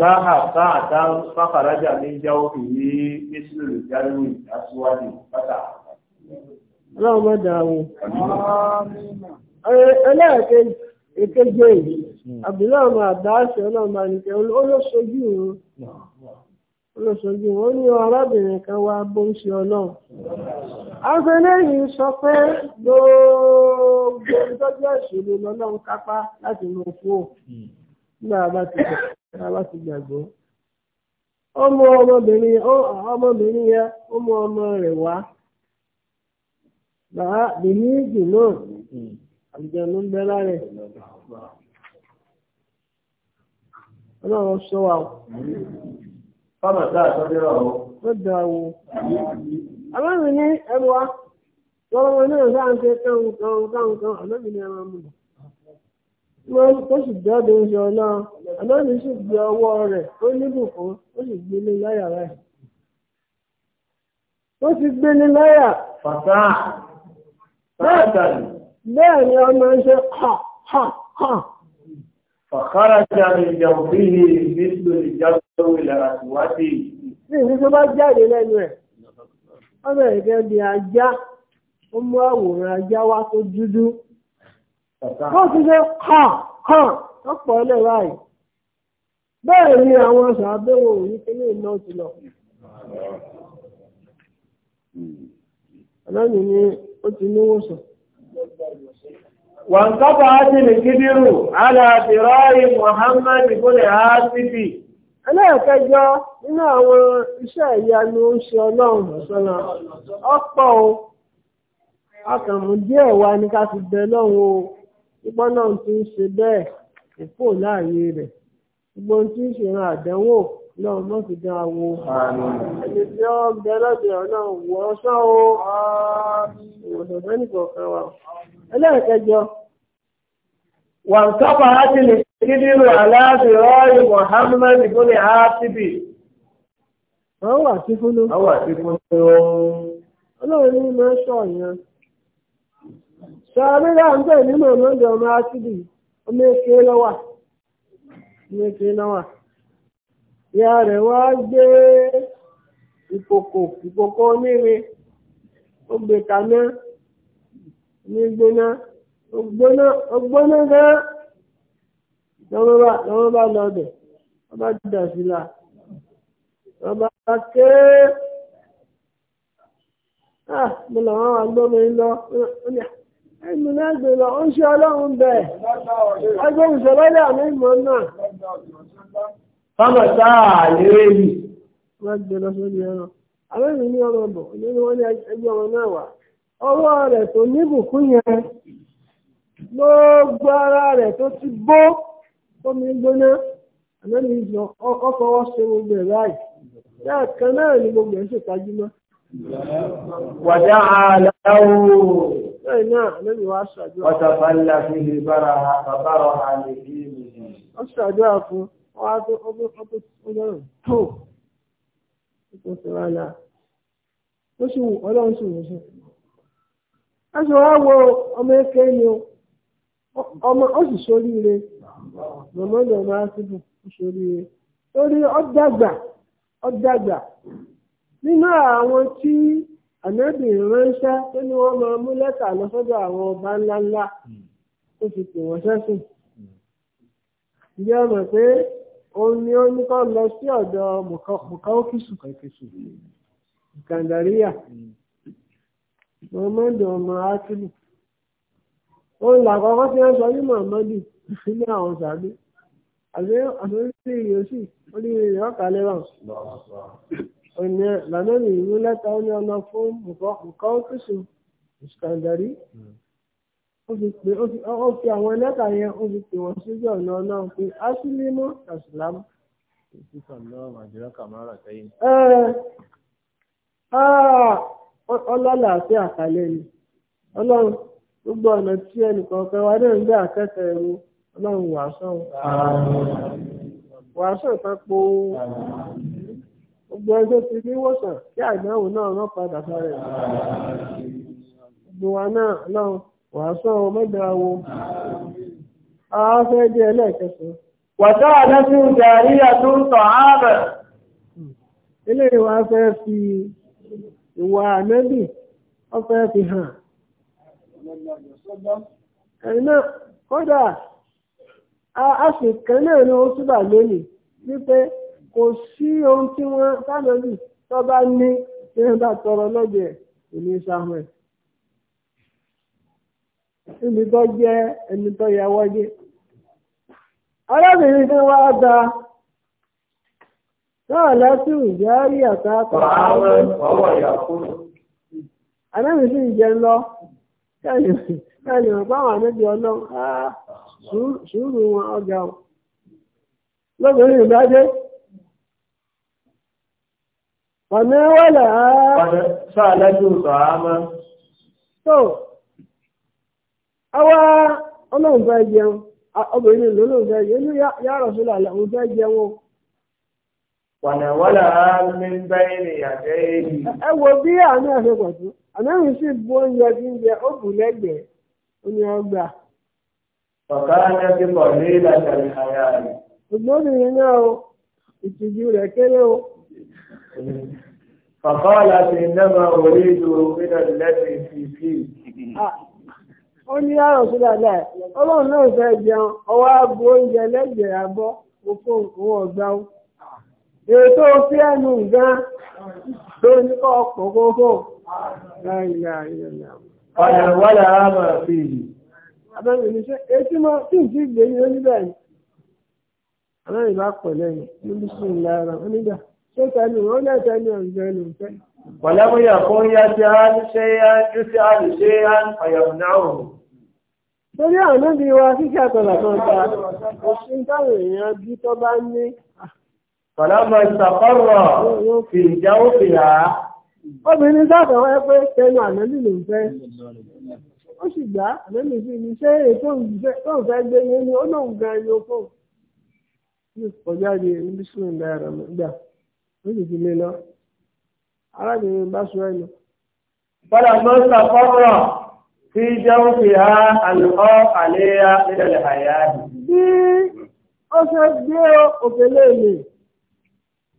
láhà sáàtà fáfàrájà ní jáwó fi ní mẹ́sílò lè járíwì aṣíwájú pátá. ọlọ́run mọ́ dáa wọn. ẹlẹ́ẹ̀kẹ́ ìkéjì èyí àbílẹ̀ ọmọ àbáṣe ọlọ́run bá nìkẹ́ olóṣojú wọn olóṣojú wọn ní arábìnrin kan wá bó ń ṣe ọlọ́run. afẹ́lẹ́yìn sọ pé gbogbo ìtọ́jú ìṣèlú lọ́lọ́run kápá láti mọ̀ fún ọ nígbà bá ti bẹ̀rẹ̀. tá a bá gbàgbọ́ ọmọ ọmọbìnrin ọmọbìnrin yẹn ọmọ ọmọ rẹ̀ wá bàá bìníìjì náà hmm. àlùjànnú ń bẹ lára ẹ̀ ọlọ́run sọ wa o. wọ́n tó sì dọ́dọ̀ oṣù ọ̀nà àmọ́ni sì gbé ọwọ́ rẹ̀ ó níbùkún ó sì gbé ní láyà rẹ̀. ó ti gbé ní láyà. fàtà fàtà ni. bẹ́ẹ̀ ni ọmọ ń ṣe ha ha ha. fàkàrà ti àmì ìjàmbá fi hì nílò ìjàmbá ìlànà ìwádìí. ní ìlú tó bá jáde lẹ́nu ẹ̀ ọmọ ẹ̀gẹ́ bíi ajá ó mú àwòrán ajá wá tó dúdú wọ́n ti ṣe ha ha? ọ̀pọ̀ ẹlẹ́ báyìí bẹ́ẹ̀ ni àwọn ṣàbẹ̀wò òní kíní iná ti lọ. ọlọ́run ni ó ti ní wòsàn. wọ́n kápá ájì ní kídírù aláàbìrọ́ Muhammad gbọ́dẹ̀ áṣíbì. ẹlẹ́ẹ̀kẹjọ nínú àwọn iṣẹ́ ìyanu ń ṣe ọlọ́run ọ̀sánà ọ̀pọ̀ o a kàn mú díẹ̀ wá ká fi bẹ lọ́run o. ìpọ́nà ti ń ṣe bẹ́ẹ̀ òpó láàyè rẹ̀ rẹ. tí ń ṣe ìran àdánwò náà mọ́ fi dán awo ẹni tí ó ń bẹ lọ́dẹ̀ ọ̀nà wọ́ sán o ìwòsàn nìkọ̀ọ̀kan wa ẹlẹ́ẹ̀kẹjọ wà ń tọ́pa láti lè kídírù aláàbì rọ́ọ̀yì Muhammad ibn Hatibi wọ́n wà sí ọlọ́run ní sọ̀rọ̀ náà ń bẹ̀ nínú olóúnjẹ ọmọ ásídì ọmọ èké lọ́wà ọmọ èké lọ́wà ìyá rẹ̀ wá gbé ìkòkò ìkòkò oníire ó gbé kaná ní gbóná ó gbóná ó gbóná gan lọ́wọ́ bá lọ́wọ́ bá lọ bẹ̀ wọ́n bá dà sí la wọ́n bá ah mo làwọn àgbọ̀ mi lọ ó ẹnu náà gbé lọ ó ń ṣe ọlọ́run bẹ̀ ẹgbẹ́ ìṣẹ̀lẹ́lẹ̀ àmì ìmọ̀ náà. fámọ̀tá àlérè yìí. wọ́n gbé lọ sórí ẹran àwọn èmi ní ọmọ bọ̀ ní wọ́n ní ẹgbẹ́ ọmọ náà wà ọwọ́ rẹ̀ tó níbùkún yẹn gbogbo ara rẹ̀ tó ti bó omi gbóná àmọ́ mi ọkọ̀ wọ́n ṣe gbogbo ẹ̀ báyìí. Bẹ́ẹ̀ kan náà ni gbogbo ẹ̀ ṣètajúmọ́. ودعا له وتفلى فيه برها فبرها لدينه الشهداء وعطوا أبو أبو أبو تو وسوالا وشو ولا شو وشو aṣọ wa wo ọmọ o ó sì ṣoríire mọ̀mọ́ ni ọmọ á ṣoríire torí ó dàgbà ó dàgbà nínú àwọn tí ànábì ránṣẹ́ tó ní wọ́n máa mú lẹ́tà lọ sọ́dọ̀ àwọn ọba ńláńlá tó fi pè wọ́n sẹ́sìn. ǹjẹ́ o mọ̀ pé òun ni ó ní kọ́ lọ sí ọ̀dọ̀ mùkáókìsù ìkàndàríyà mọ̀mọ́dù ọmọ átìlù òun làkọ́kọ́ tí wọ́n sọ ní mọ̀mọ́dù nínú àwọn sàbí àti àtúntì yìí ó sì ó ní ìrìn ọ̀kà lẹ́wọ̀n onye lanoni iwu leta onye ọnọ fún nǹkan ọ́fíìsì ìskandari hmm. ó fi àwọn lẹ́tà yẹn ó fi pè wọ́n sójú ọ̀nà náà pé asílímù àsìlámù. ọlọ́lá àti àkàlẹ́ ni ọlọ́run gbogbo ọ̀nà tí ẹnìkọ̀ọ̀kan wa náà ń gbé àkẹ́kọ̀ọ́ ẹ̀rù ọlọ́run wàásù wàásù kan po. gbogbo ẹjọ́ ti ní ìwòsàn kí àìdáwò náà rán padà sáré gbogbo wa náà náà wàásù mẹ́jọ wo a fẹ́ dé ẹlẹ́ẹ̀kẹsàn. wàtá àdáṣe ìjàríyà tó ń tàn áàbẹ̀. ilé ìwà fẹ́ fi ìwà wọ́n fẹ́ fi hàn. ẹ̀yin náà kódà a sì ni kò sí ohun tí wọ́n sábẹ́bí tó bá ní tí wọ́n bá tọrọ lọ́dọ̀ ìní samuel níbi tó jẹ́ ẹni tó yà wọ́dé. arábìnrin tí wọ́n da náà lásìkò ìjà rí àtàkùn. ọ̀hún arábìnrin sì ń lọ káàlì wọn báwọn àmẹ́bí sùúrù wọn ọjà Ọ̀nà wọ́lẹ̀ ààrẹ. Ọ̀nà sáàlẹ́jú sọ àmọ́. So, awa ọlọ́run fẹ́ jẹun, obìnrin ìlú lóun fẹ́ jẹun, inú yàrá sílẹ̀ àlàmú fẹ́ jẹun o. Ọ̀nà wọ́lẹ̀ ààrẹ mi ń bẹ́ ènìyàn jẹ́ èyí. Ẹ wo bí àánú ẹ̀fẹ́ pọ̀tú, àná mi sì ya oúnjẹ tí ń jẹ, ó bù lẹ́gbẹ̀ẹ́, ó ní ọgbà. ẹni ti ní ìhàyà rẹ̀. náà ìtìjú rẹ̀ kéré o. فقالت إنما أريد من الذي في فيه ah. ó ní àrùn sílẹ̀ náà jẹun abo oúnjẹ abọ́ ó ètò fi ẹnu gan tó ní ọkọ̀ kókó ọ̀nà wọ́lá àmà fi yìí. abẹ́rẹ́ mi ṣe etí mọ́ tí gbé ní oníbẹ̀rẹ̀ abẹ́rẹ́ ìbá ṣé tẹnu ó lẹ́ tẹnu ọ̀gbẹ́ fún yá tí a ń ṣe o. Torí àánú bí wa àtọ̀là kan ta, táwọn èèyàn bí bá ní. Bọ̀lámọ̀ ìṣàkọ́rọ̀ fi ìjáwó fi hà á. Obìnrin sábà wáyé pé tẹnu ànábì ló ń fẹ́. Ó sì gbà ànábì sí ní ṣé ètò òun fẹ́ gbé yẹn ni ó lóun ó sì ti lé lọ arábìnrin bá sọ ẹnu. padà mọ́sà fọ́rọ̀ tí jẹun fi ha àlùkọ́ àléyá nílẹ̀ àyà. bí ó ṣe gbé òkèlè mi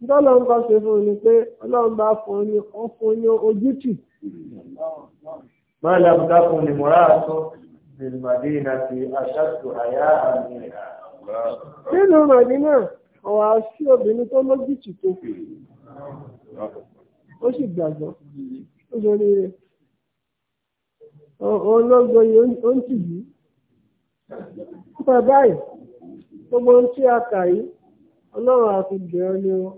ntọ́lọ́run kan ṣe fún ni pé ọlọ́run bá fún ni ó fún ni ojútì. máa làbùdá fún ni mọ́ra àtọ́ bìrìmàdínà ti aṣáàtò àyà àmì rẹ̀. nínú màdínà ọ̀rọ̀ àṣì obìnrin tó lójútì tó ó sì gbàgbọ́ ó sọrí rẹ̀ ọlọ́gbọ̀n yìí ó ń tìjú nípa báyìí gbogbo ohun tí a kà yìí ọlọ́run àti ìbẹ̀rẹ̀ ni o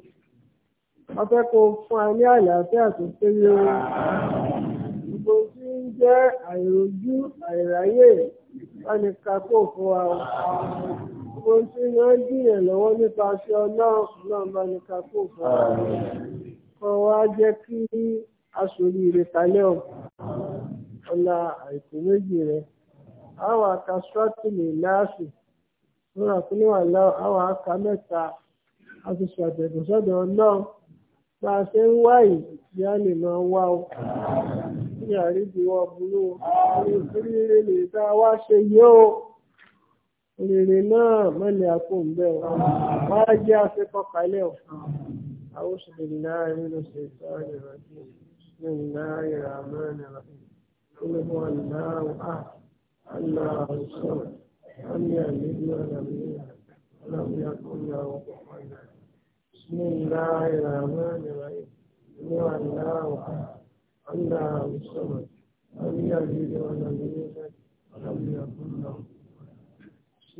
a fẹ́ kó fún wa ní àlàáfíà tó péye o gbogbo tí ń jẹ́ àìrójú àìráyè wọn ni ká kó fún wa gbogbo tí wọ́n gbìyàn lọ́wọ́ nípasẹ̀ ọlọ́run náà bá ní kakó fún wa kan wá jẹ́ kí aṣòrí rẹ̀ kalẹ́ ọ̀ ọ̀la àìkú méjì rẹ̀ àwọn akastrọ́tìlì láàṣì fún àkúnníwà àwọn mẹ́ta àtúnṣe àtẹ̀gùn sọ́dọ̀ bá a ṣe ń wá yìí a lè máa o burú òrèrè náà mọ́lẹ̀ àpò ń bẹ̀ ọ́ wá jẹ́ afẹ́kọ̀ọ́ kalẹ̀ ọ́ àwọn òṣèlú náà nínú ṣètò ìrọ̀lẹ́ nínú náà ìrà mọ́rin rẹ̀ nínú bọ́ náà wà ánà àwùsọ̀ àmì àlejò àlàmìlà ọlọ́mí àkọ́yà ọkọ̀ ọ̀nà nínú náà ìrà mọ́rin rẹ̀ nínú náà wà ánà àwùsọ̀ àmì àlejò àlàmìlà ọlọ́mí àkọ́yà ọkọ̀ ọ̀nà.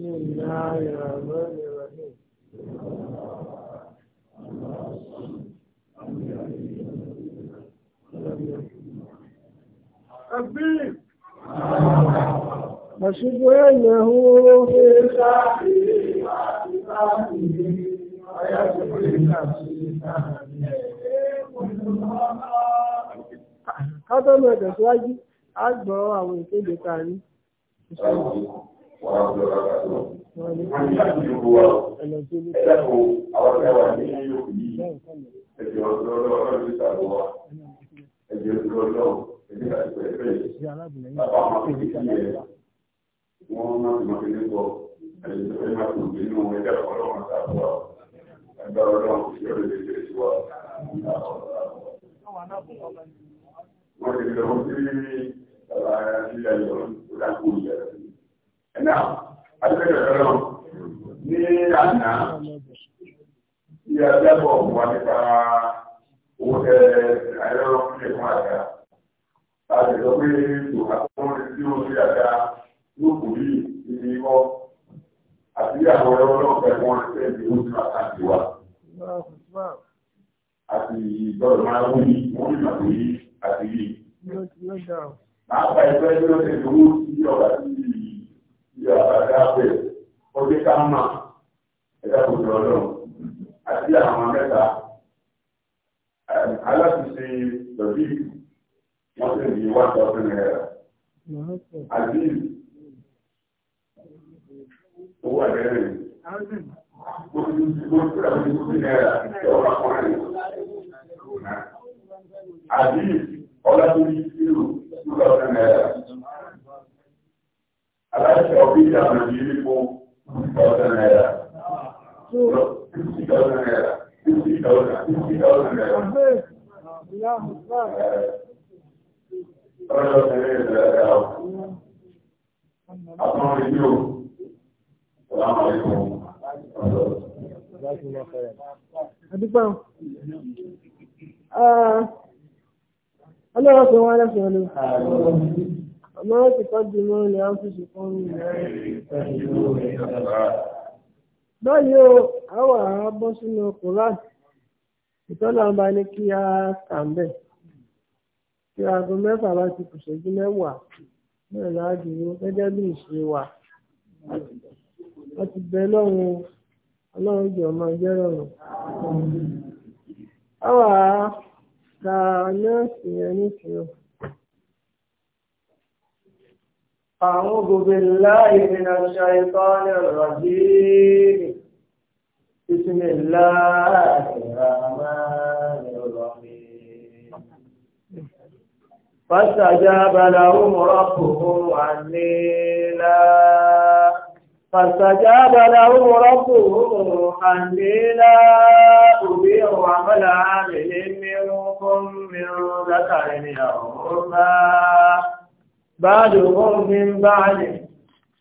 بسم الله الرحمن الرحيم أبيك أشهد أنه في صاحبه ká tó mọ̀ tẹ̀síwájú á gbọ́ àwọn ìkéde ta ní ìṣẹ́jú wọ́n á ní kí á kà ń bẹ̀ kí aago mẹ́fà bá ti kù ṣẹ́jú mẹ́wàá náà láàdúró gẹ́gẹ́ bí ìṣe wa a ti bẹ lọ́run ọlọ́run jẹ́ ọmọ ẹgbẹ́ rọrùn. àwa ka nọ́ọ̀sì yẹn níṣẹ́ o. أعوذ بالله من الشيطان الرجيم بسم الله فاستجاب لهم ربهم أني لا فاستجاب لهم ربهم أني لا أبيع عمل عامل منكم من ذكر أو أنثى بعدهم من بعد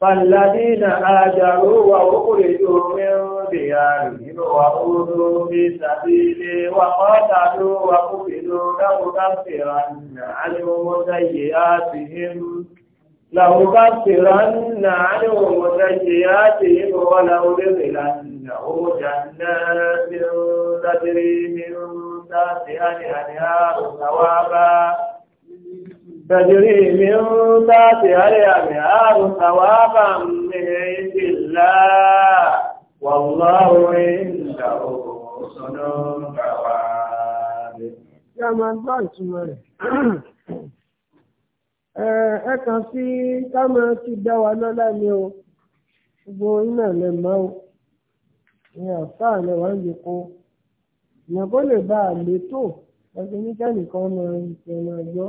فالذين هاجروا وأخرجوا من ديارهم وأوذوا في سبيلي وقاتلوا وقتلوا لأكفرن عنهم سيئاتهم لأكفرن عنهم سيئاتهم ولأدخلنهم جنات تجري من تحتها الأنهار ثوابا تجري من تحتها الأنهار ثوابا من عند الله والله عنده حسن الثواب. يا من بانت ẹ kàn sí ká máa ti dá wa lọ́lá ni o gbogbo iná lè mọ́ o ìyẹn àfáà lẹ́wà ń yẹ kó ìyẹn kó lè bá a lè tó ẹgbẹ́ níkẹ́ nìkan máa ń tẹ̀ máa gbọ́.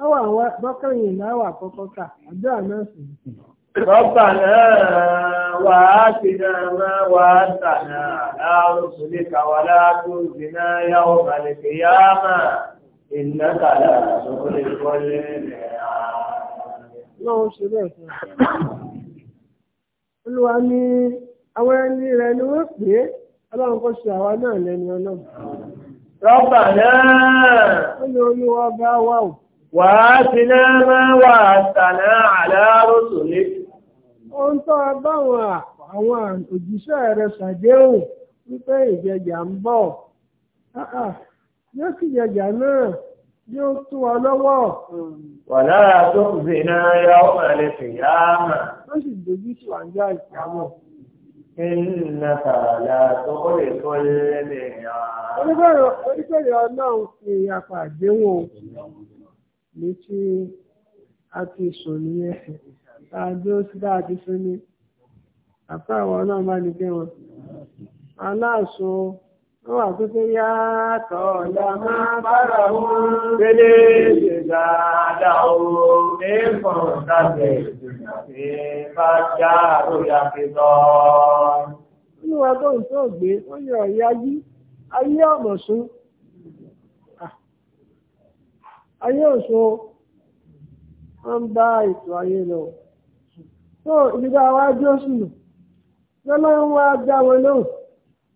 bọ́kẹ́yìn láwà kọ́kọ́ kà àdúrà náà sì. Rọ́bà náà wà á ti náà máa wà á tà náà láàrú sílé kàwálá tó gbiná yàwó màlìkì yá máa iná kàlà lórí ìwọlé rẹ̀. Lọ́wọ́ ṣe bẹ́ẹ̀ fún un. Olúwa ní àwọn ẹni rẹ̀ ni wọ́n pè é, Ọlọ́run kò ṣe àwa náà lẹ́nu Ọlọ́run. Rọ́bà náà. Ó ní olúwa bá wà ó. وآتنا ما وعدتنا على رسلك Ohun tó a báwọn àwọn òjíṣẹ́ rẹ̀ ṣàdéhùn wípé ìjẹjà ń bọ̀. Yóò kí ìjẹjà náà yóò tún wa lọ́wọ́. Wàlá tó ń fi náà yá ó máa fi yá mà. Wọ́n sì dojú sí wà ní àìsàmọ̀. Iná kàlà tó kọ́ lè tó lẹ́lẹ̀ yàn. Oníbẹ̀rẹ̀ ọlọ́run fi apàdéhùn. létí a ti sọ nìyẹn tá a dúró sí tá a ti sùn ní àpá àwọn náà bá ní wọn. wọ́n wà pé pé yá máa bára wọn délé ṣe dáadáa o ṣe bá já àròyà fi lọ. olúwa tó gbé ó yọ ọ̀yá yí ayé òṣò wọn bá ètò ayé lọ tó ìdíbà wa jó sùn lọ́lọ́run wa dá wọn lóhùn.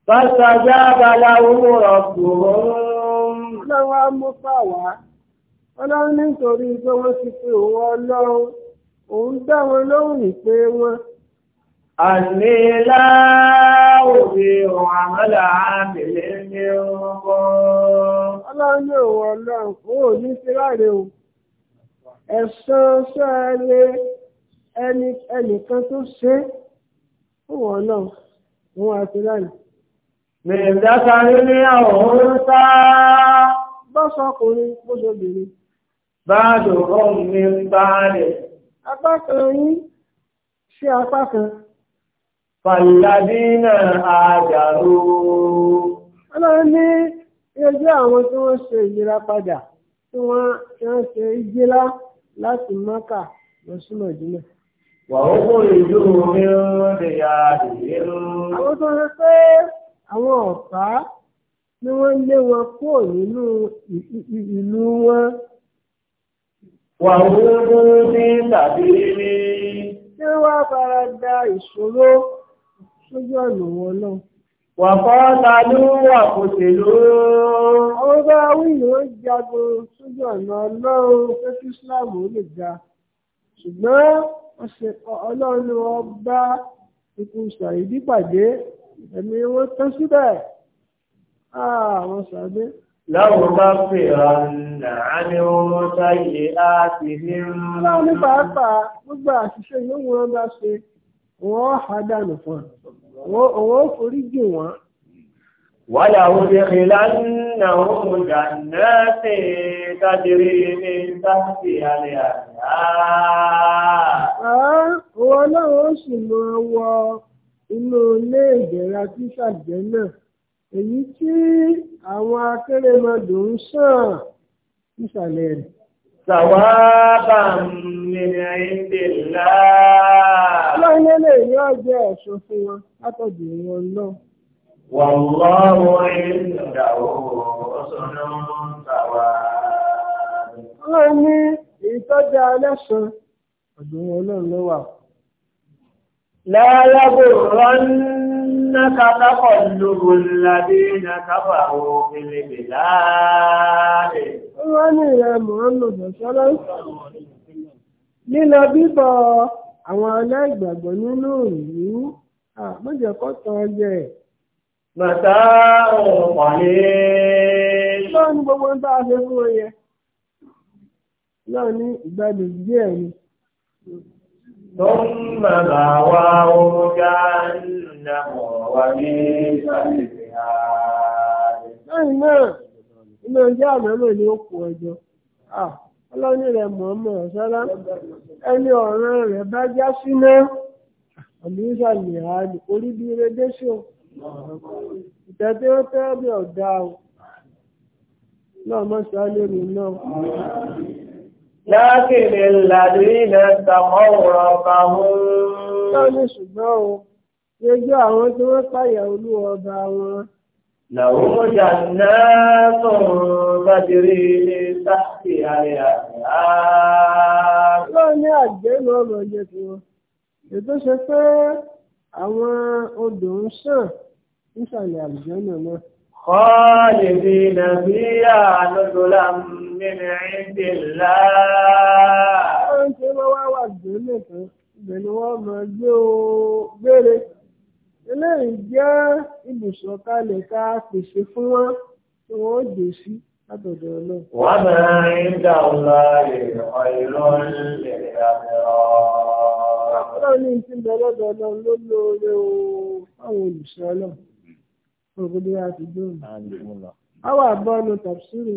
pásítọ̀ abala owó ọ̀pọ̀. ọlọ́run wa mú fà wá ọlọ́run nítorí pé wọ́n ti pe òun ọlọ́run òun dá wọn lóhùn ìpè wọn. Àní láàrùn bí òun àmọ́là àmì ní ọgbọ́n ọlọ́run ní òun ọlọ́run òun ní sí o ẹ̀sán sáré ẹni ẹnìkan tó ṣe òun ọlọ́run òun àti láre. Mẹ̀ẹ̀dá sáré ní àwọn òun sá. Bọ́sọkùnrin bó ṣe bèrè. Báàdù ọ̀hún mi ń bá rẹ̀. Apá kan yín ṣé apá kan. Fàlàdínà àjàrò. Ọlọ́run ní ní ojú àwọn tí wọ́n ṣe ìyíra padà tí wọ́n ṣe ìjìlá láti Mákà lọ sí Mọ̀dínà. wà ó kó ìlú mi rẹ̀ yá ìlú. àwọn tó ń pé àwọn ọ̀pá ni wọ́n lé wọn kó nínú ìlú wọn. wà ó kó ní tàbí rí. ṣé wàá fara da ìṣòro sójú ọ̀nà wọn náà. Wàkọ́tàlú wà kò tèlú. Ó bá wíìlì ó jagun sójú ọ̀nà ọlọ́run pé kí Ìsìláàmù lè ga. Ṣùgbọ́n ọlọ́run wọn bá ikú Ṣàìdí pàdé ẹ̀mí wọn tán síbẹ̀. Àwọn sàdé. Láwọn bá pè ọ̀nà àníwọ̀n táyé á ti ní ń. Láwọn ní pàápàá gbogbo àṣìṣe yóò wọ́n bá ṣe, wọ́n á dànù wọ́n forí jì wọ́n. wàlà òde ìlànà òun dànù sí tajiri ní sáfì alẹ́ àná. àwọn ọlọ́run sì máa wọ inú ilé ìdẹ̀ra tí sàjẹ́ náà èyí tí àwọn akérèmọdò ń sàn nísàlẹ̀ rẹ̀. Sàwábà mìíràn ìdè láàá. Ọlọ́run lè ní ọjọ́ ẹ̀ṣọ́ fún wọn látọ̀dù wọn náà. Wọ̀n lọ́wọ́ ìdàwó ọ̀sọ̀nà sàwà. Ọlọ́run ní ìtọ́jà ẹlẹ́sàn ọ̀dùn wọn náà ló wà. Láyábò rọ́nù. إنك تقلب الذين كفروا في البلاد wọ́n ní ìrẹ́ Muhammad ṣọ́lá lílọ bíbọ̀ àwọn aláìgbàgbọ́ nínú ìlú àmọ́jẹ̀kọ́ tán jẹ́ bàtà ọ̀pọ̀lẹ́ lọ́wọ́ ní gbogbo ń bá a fẹ́ fún ọ yẹ ní ìgbàlejò díẹ̀ ni. ثم مأواه جهنم وبئس المهاد. lẹ́yìn náà àmọ́mọ́ ni ó kó ẹjọ́ ọlọ́ni rẹ̀ mọ̀ọ́mọ̀ ọ̀sọ́lá ẹni ọ̀ràn rẹ̀ bá já síná àmìíṣà nìhàlì orí bí rédíṣò ìtẹ́tẹ́ ó tẹ́ ọ̀dà o náà mọ̀ sálẹ̀ mi náà. لكن الذين اتقوا ربهم lọ́ní ṣùgbọ́n o yẹjọ́ àwọn tí wọ́n pààyà olúwa ọba wọn. làwọn ọjà náà sọ̀rọ̀ bá ti rí ilé sáàtì àríyá. lọ́ní àgbẹ̀nu ọ̀rọ̀ yẹ kí wọn. ètò ṣe pé àwọn odò ń sàn nísàlẹ̀ àlùjọ náà náà. خالدين فيها نزلا من عند الله. Ṣé wọ́n wá wà gbélé kan? Bẹ̀rẹ̀ wọ́n máa gbé o béèrè. Eléyìí jẹ́ ibùsọ̀ kalẹ̀ ká pèsè fún wọn tí wọ́n dé sí látọ̀dọ̀ náà. Wọ́n máa ń dà ọ́ láàyè ọ̀yọ́ lẹ́yìn àbẹ̀rọ̀. Ọlọ́run ní ti bẹ̀rẹ̀ lọ́dọ̀ ló lóore o, ògùdí àti jóòmù. àwọn àbọ̀ ọ̀nà tàbísírì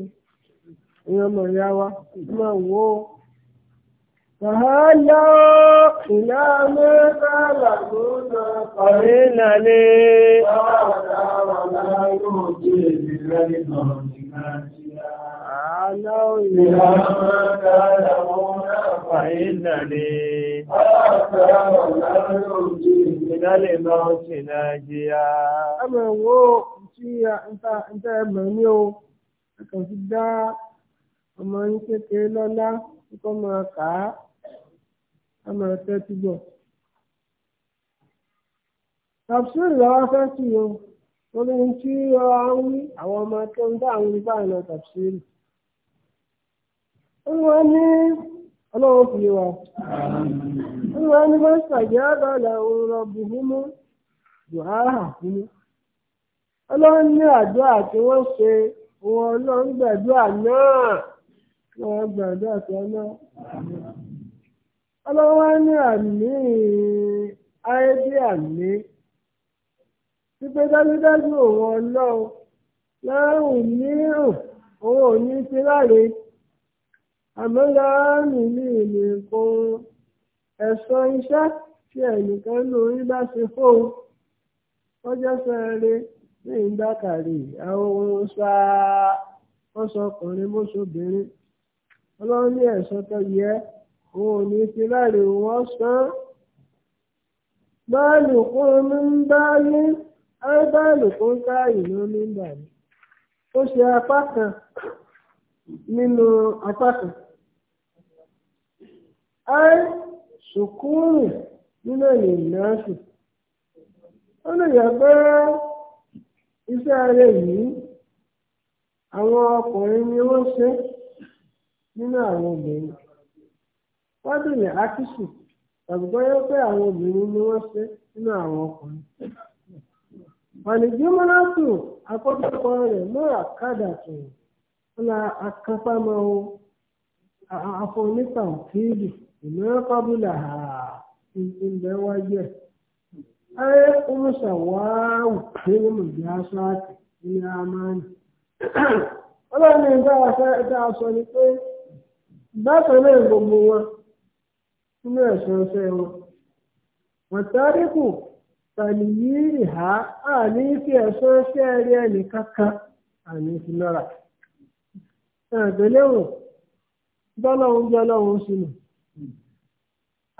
èèyàn ọmọ ìyá wa máa wò ó. Fàhálà ìlà mẹ́ta làgùnà kọ̀rí nàlé. Fàhálà wàlá yóò jẹ́ ìrìnlẹ́ nìkan nìkan sí ìlà mẹ́ta làgùnà kọ̀rí nàlé ìnálẹ̀ máa ń ṣe náà jẹ́ ya. ẹ mọ̀ wo tí ẹ mọ̀ ní o ẹ kàn ti dá ọmọ yín kékeré lọ́lá kíkọ́ máa kà á á máa tẹ́tí bọ̀. tàbísírì làwọn fẹ́ sí o lórí tí ọ̀rọ̀ wí àwọn ọmọ akẹ́kọ̀ọ́ ń dá àwọn ibà tàbísírì. ó wọ́n ní ọlọ́run fi wà. Olúwa ní wọ́n ṣàjẹ́ àbálẹ̀ òun ọ̀bùn mímú Jòhárà mímú. Ọlọ́run ní àdúrà tí wọ́n ṣe wọn ọlọ́run gbàdúrà náà wọ́n gbàdúrà tí náà. Ọlọ́run ní àmì ayébí àmì pípé dájúdájú òun ọlọ́run lọ́rùn ní òun ò ní ti láre àmọ́lá mi ní ìlú kan ẹ̀sọ́ iṣẹ́ tí ẹnìkan ní orí bá ṣe fóun kọjá sẹ́ẹ̀rẹ́ ní ìdákàrí àwọn ohun sáà wọ́n sọ ọkùnrin bó ṣobìnrin ọlọ́run ní ẹ̀sán tó yẹ òun ò ní fi láre wọ́n sán báàlù kún mi ń bá yín ábáàlù kún káàyè ló ní ìgbà yìí ó ṣe apá kan nínú apá kan. a sùkúrù nínú èyí náà sì ó lè yà pé iṣẹ́ rẹ̀ yìí àwọn ọkùnrin ni wọ́n ṣe nínú àwọn obìnrin wọ́n dùn àkísù tàbí bóyá pé àwọn obìnrin ni wọ́n ṣe nínú àwọn ọkùnrin. rẹ̀ náà kádà tó afọ nípa ìmọ̀ kọ́bùlà hà ìbẹ̀ wájú ẹ̀. ayé kúrúsà wáwù nínú mọ̀já sáàtì ní amáni. ọlọ́run ní ìdá aṣọ ni pé bákan náà gbogbo wọn nínú ẹ̀sán ṣẹ́ wọn. wọ̀tárìkù tàbí yìí ha àní fi ẹ̀sán ṣẹ́ rí ẹnì kankan àní fi lọ́ra. sínú.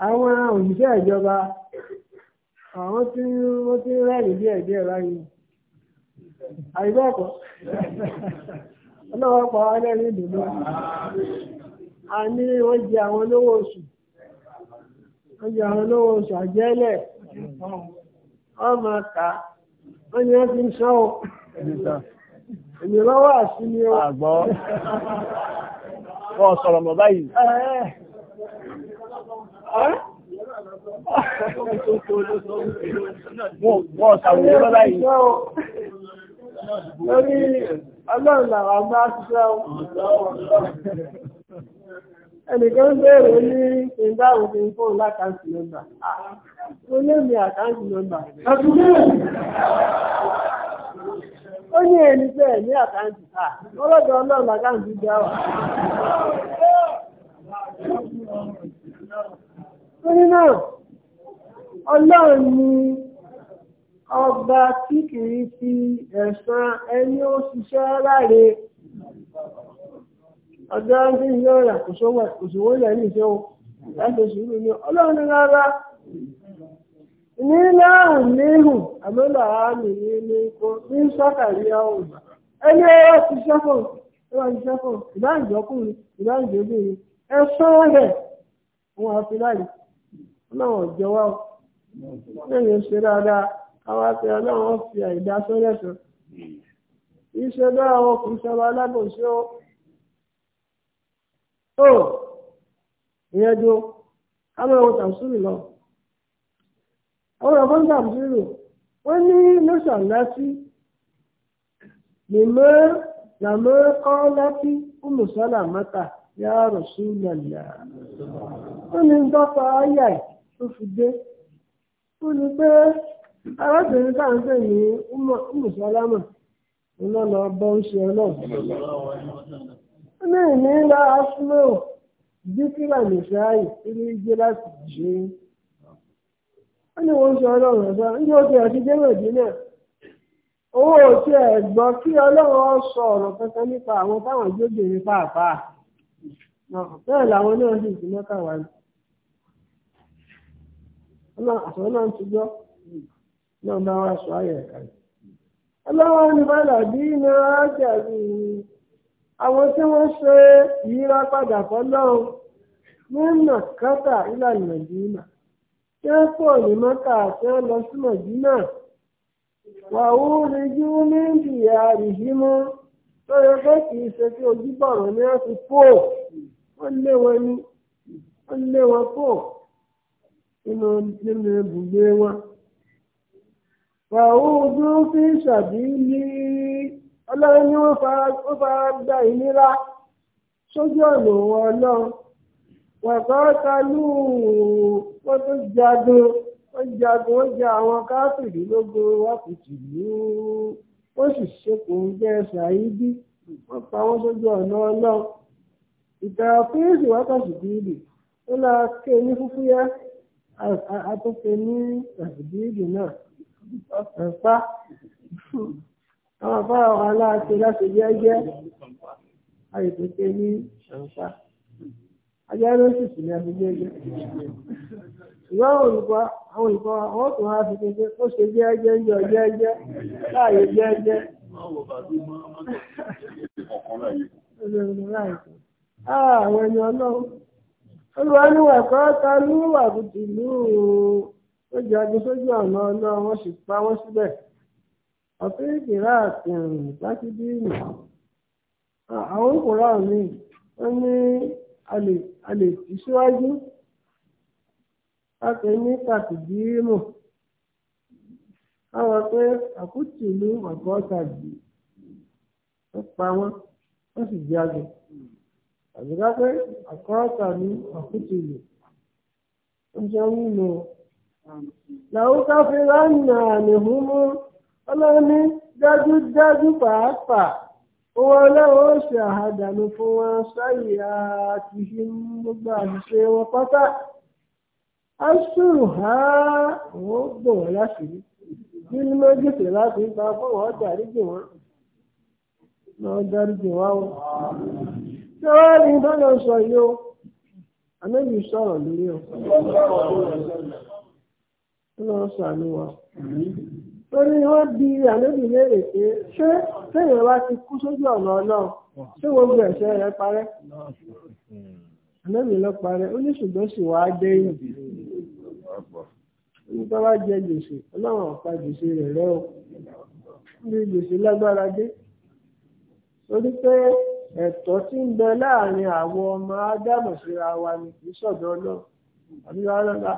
àwọn òṣìṣẹ́ ìjọba àwọn tí wọ́n ti rẹ́rìn díẹ̀ díẹ̀ láyé àìbẹ́ẹ̀kọ́ ọlọ́wọ́ pa wá lẹ́rìn ìdùnnú a ní wọ́n jẹ àwọn olówó oṣù wọ́n jẹ àwọn olówó oṣù àjẹ́lẹ̀ ọmọ ká wọ́n ni wọ́n ti ń sán o èmi lọ́wọ́ àsìmí o. àgbọ̀ kọ́ sọ̀rọ̀ mọ̀ báyìí. Wọ́n ṣàwòrán Lórí ọlọ́run làwọn bá ṣiṣẹ́ ẹnìkan ń bèèrè ní ìdáhùn fi ń fóun nọ́mbà. Mo lé mi àkántì nọ́mbà. Ó ní ẹni bẹ́ẹ̀ ní àkántì Ọlọ́dọ̀ ọlọ́run àkántì gbá wà. torí náà ọlọ́run ni ọba tí kìí fi ẹ̀san ẹni ó ṣiṣẹ́ láre ọjọ́ tí yóò rà kò sówó ilẹ̀ ní ìṣẹ́ o láti sùúrù ni ọlọ́run ní rárá ní láàrùn níhùn àmọ́là àmì ní ní kó ní sọ́kàrí ọ̀hún ẹni ọ̀rọ̀ ti ṣẹ́fọ̀n ó wà ní ṣẹ́fọ̀n ìbáǹjọ́kùnrin ìbáǹjọ́bìnrin ẹ̀san rẹ̀ wọn àfi láre. ọlọ́run jọ wá o lẹ́yìn ṣe dáadáa káwá pé ọlọ́run fi àìdá sórí ẹ̀sán kìí ṣe bẹ́ẹ̀ o kìí ṣe ọba tó ìyẹn ká máa lọ àwọn ọ̀rọ̀ fún tàbísírì wọ́n ní ya ní ń tó fi dé ó ní pé arábìnrin tá à ń pè ní umusalama ńlọ́nà ọba ń ṣe ọlọ́run ó ní ìnílá asúlẹ̀wò díkìlà nìṣẹ́ ààyè nínú ìjẹ́ láti ṣe é ó ní wọ́n ṣe ọlọ́run ẹ̀fọ́ níbi ó ti ẹ̀ náà owó òtí ẹ̀ kí ọlọ́run sọ ọ̀rọ̀ kankan nípa àwọn táwọn jókòó ní pàápàá bẹ́ẹ̀ làwọn náà sì ti mọ́kàwá yìí àtàwọn náà ti gbọ́ náà bá wá sọ ayẹ̀ ẹ̀ka yìí. ọlọ́wọ́ ní bàlá bí iná jàbí àwọn tí wọ́n ṣe ìyíra padà fọlọ́run nínà kátà ìlànà nàìjíríà tí wọ́n pọ̀ ní mọ́tà tí wọ́n lọ sí nàìjíríà wà ó rìjú ní ìyá rìhímú tó yẹ pé kì í ṣe kí ojúbọ̀rọ̀ ni wọ́n ti pò wọ́n lé wọn ní wọ́n lé wọn pò nínú nínú ibùgbé wọn. Fàwùdú fi ṣàbí ní ọlọ́run ni wọ́n fara gba ìnira sójú ọ̀nà wọn náà. Wàkọ́ta lù wọ́n tó jagun wọ́n jagun wọ́n ja àwọn káfìrí lógun wọ́n kò tì lù ú. Wọ́n sì ṣekùn jẹ́ ṣàyídí wọ́n pa wọ́n sójú ọ̀nà náà. Ìtàn àfíìsì wákàtí bíbí ó lọ ké ní fúfúyẹ́. atúnṣe ní tàbíìlì náà ọ̀pá nkpa. afá ọ̀rọ̀ aláṣẹ láti jẹ́jẹ́ àìtúnṣe ní ọ̀pá ajá ló sì ní àti jẹ́jẹ́ ìwé àwọn àwọn olùkọ́ àwọn tó wá fi kéde ó ṣe jẹ́jẹ́ láàyè olùwàlúwà kan ta ní wàbùtìlú ó jagun sójú ọ̀nà ọlọ́run wọ́n sì pa wọ́n síbẹ̀ ọ̀fẹ́ ìkìlá àtìrìn lákìdíìnì àwọn kòrá mi wọ́n ní a lè tì síwájú láti ní kàkìdíìmù káwọn pé àkútìlú àkọ́ta yìí ó pa wọ́n wọ́n sì jagun àbí kápẹ́ àkọ́ọ̀tà ní àkútìlù oúnjẹ wúlò làwọn káfíń lánà àníhùn mú ọlọ́ni dájúdájú pàápàá owó ọlọ́wọ́ ṣe àhàdànù fún wọn sáyé àtìṣe gbogbo àṣìṣe wọn pátá aṣùrù ha àwọn gbò wọn láṣìírí nínú méjìlá láti gba fún wọn dáríjì wọn lọ dáríjì wá wọn ṣé wàá rí bọ́lá sọ yìí o àmẹ́bí sọ̀rọ̀ lórí o ó lọ sọ àmì wa torí wọ́n bi àmẹ́bí léèrè pé ṣé téèyàn bá ti kú sójú ọ̀nà ọlọ́run ṣé gbogbo ẹ̀ṣẹ̀ rẹ parẹ́ àmẹ́bí lọ parẹ́ ó ní ṣùgbọ́n sì wàá dẹ́yìn nípa wá jẹ gbèsè ọlọ́run ọ̀pá gbèsè rẹ̀ rẹ́ o níbi gbèsè lágbára dé torí pé. ẹ̀tọ́ tí ń bẹ láàrin àwọn ọmọ ádámù síra wa ni kì í alọ ya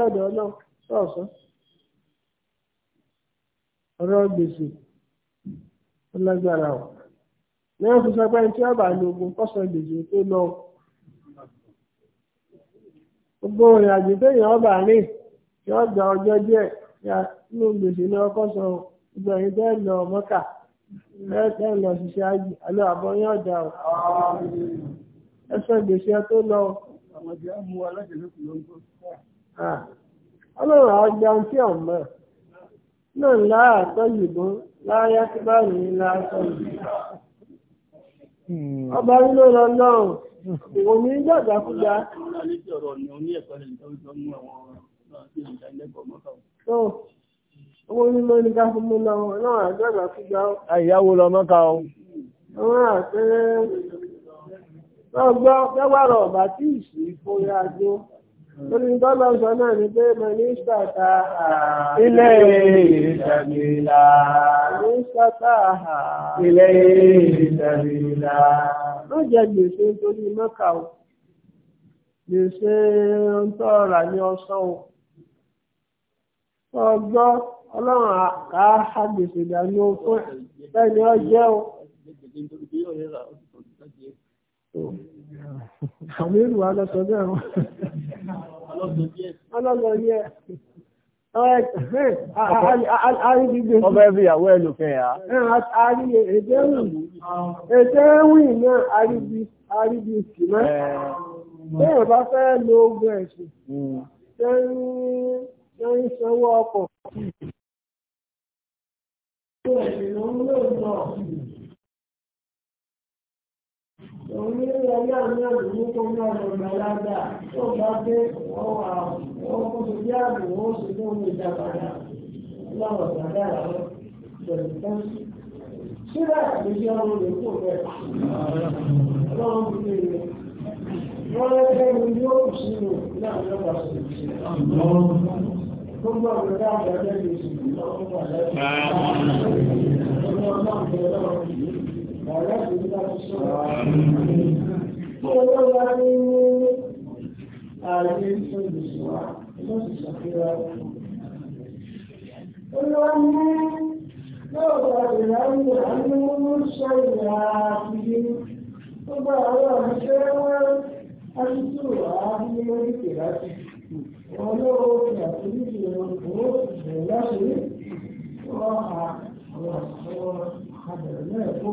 lọ́dọ̀ ọlọ́run ọ̀rọ̀ gbèsè ọlágbára ọ̀ lẹ́yìn tó sọ pé tí wọ́n bá lo ogun kọ́sọ̀ gbèsè tó lọ gbogbo ìrìn àjò ọba rìn yóò gba ọjọ́ díẹ̀ lẹ́ẹ̀kẹ́ lọ ṣiṣẹ́ ayé alẹ́ àbọ̀ yín ọ̀dà o ẹ sọ tó lọ. ọlọ́run àgbà ń tí hmm. ọ̀mọ́ náà láàtọ́ yìnbọn láyá tí láàtọ́ ọba lọ ní owó nílò ní ká fún mú lọ́wọ́ náà àjọ́gbà fúgbà ó. àyàwó lọ mọ́ka o. àwọn àpẹẹrẹ ọgbọ́ gbẹ́wàrọ̀ ọ̀bà tí ìṣì ìfòyà àjọ torí tọ́lọ sọ náà ni pé mínísítà ta ilé ìṣẹ̀mìlá mínísítà ta ilé ìṣẹ̀mìlá ló jẹ gbèsè torí mọ́ka o gbèsè ń tọ́ ọ̀rà ní ọ̀sán o ọgbọ́n ọlọ́run àágbèsè ìdánú fún ẹni ọjẹ́ o. àwọn èrò wa lọ sọ bẹ́ẹ̀ wọn. ọlọ́gbọ̀n ni ẹ. Ọbẹ̀ bí ìyàwó ẹ̀ lòfin ẹ̀ á. Àrí ètẹ́wìn náà àríbi ìsìnmọ́. Bẹ́ẹ̀ bá fẹ́ lo ogun ẹ̀sìn. Hmm. Ṣé ń sanwó ọkọ̀? ẹ̀sìn ló ní àdúgbò tó ń ọmọ ìgbàlagbà tó bá dé ọwà ọkọ̀ tó bí àdúgbò ó sì tó ń lè dá padà lọ́wọ́ ìgbàlá àwọn ìjọba kan. Síbẹ̀ ọmọ rẹ̀ kò bẹ̀. Ọlọ́run ti lè lè. Wọ́n lọ́wọ́ ẹni yóò sínú ní àjọba sí gbogbo ọ̀rọ̀ àwọn ọ̀rẹ́ wọn á ti tù wá ní orí kìláàsì olóòfin àti níbi ìrọ̀lọ́ ìbẹ̀rẹ̀ ṣe wọ́n ha àwọn àwọn àbẹ̀rẹ̀ ìgbà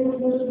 ìgbà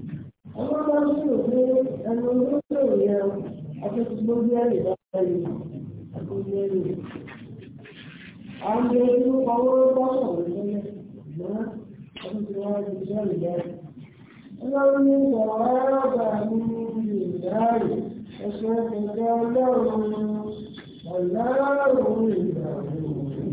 àwọn ọmọ sọ̀rọ̀ pé ẹnu ló sọ̀rọ̀ yẹn afẹ́tùgbọ́n bí ẹ̀rì bá ẹ̀rì àkójọ ẹ̀rì. àwọn ẹni tó kọwọ́ bá sọ̀rọ̀ tẹ́lẹ̀ ṣùgbọ́n afẹ́tùgbọ́n wọn ti sọ̀rọ̀ yẹn. ọlọ́run ní sọ̀rọ̀ ẹ̀rọ̀gbà ní ìdáàrí ẹ̀ṣẹ̀ ẹ̀ṣẹ̀ ọlọ́run ọ̀làrùn ìdáàrí.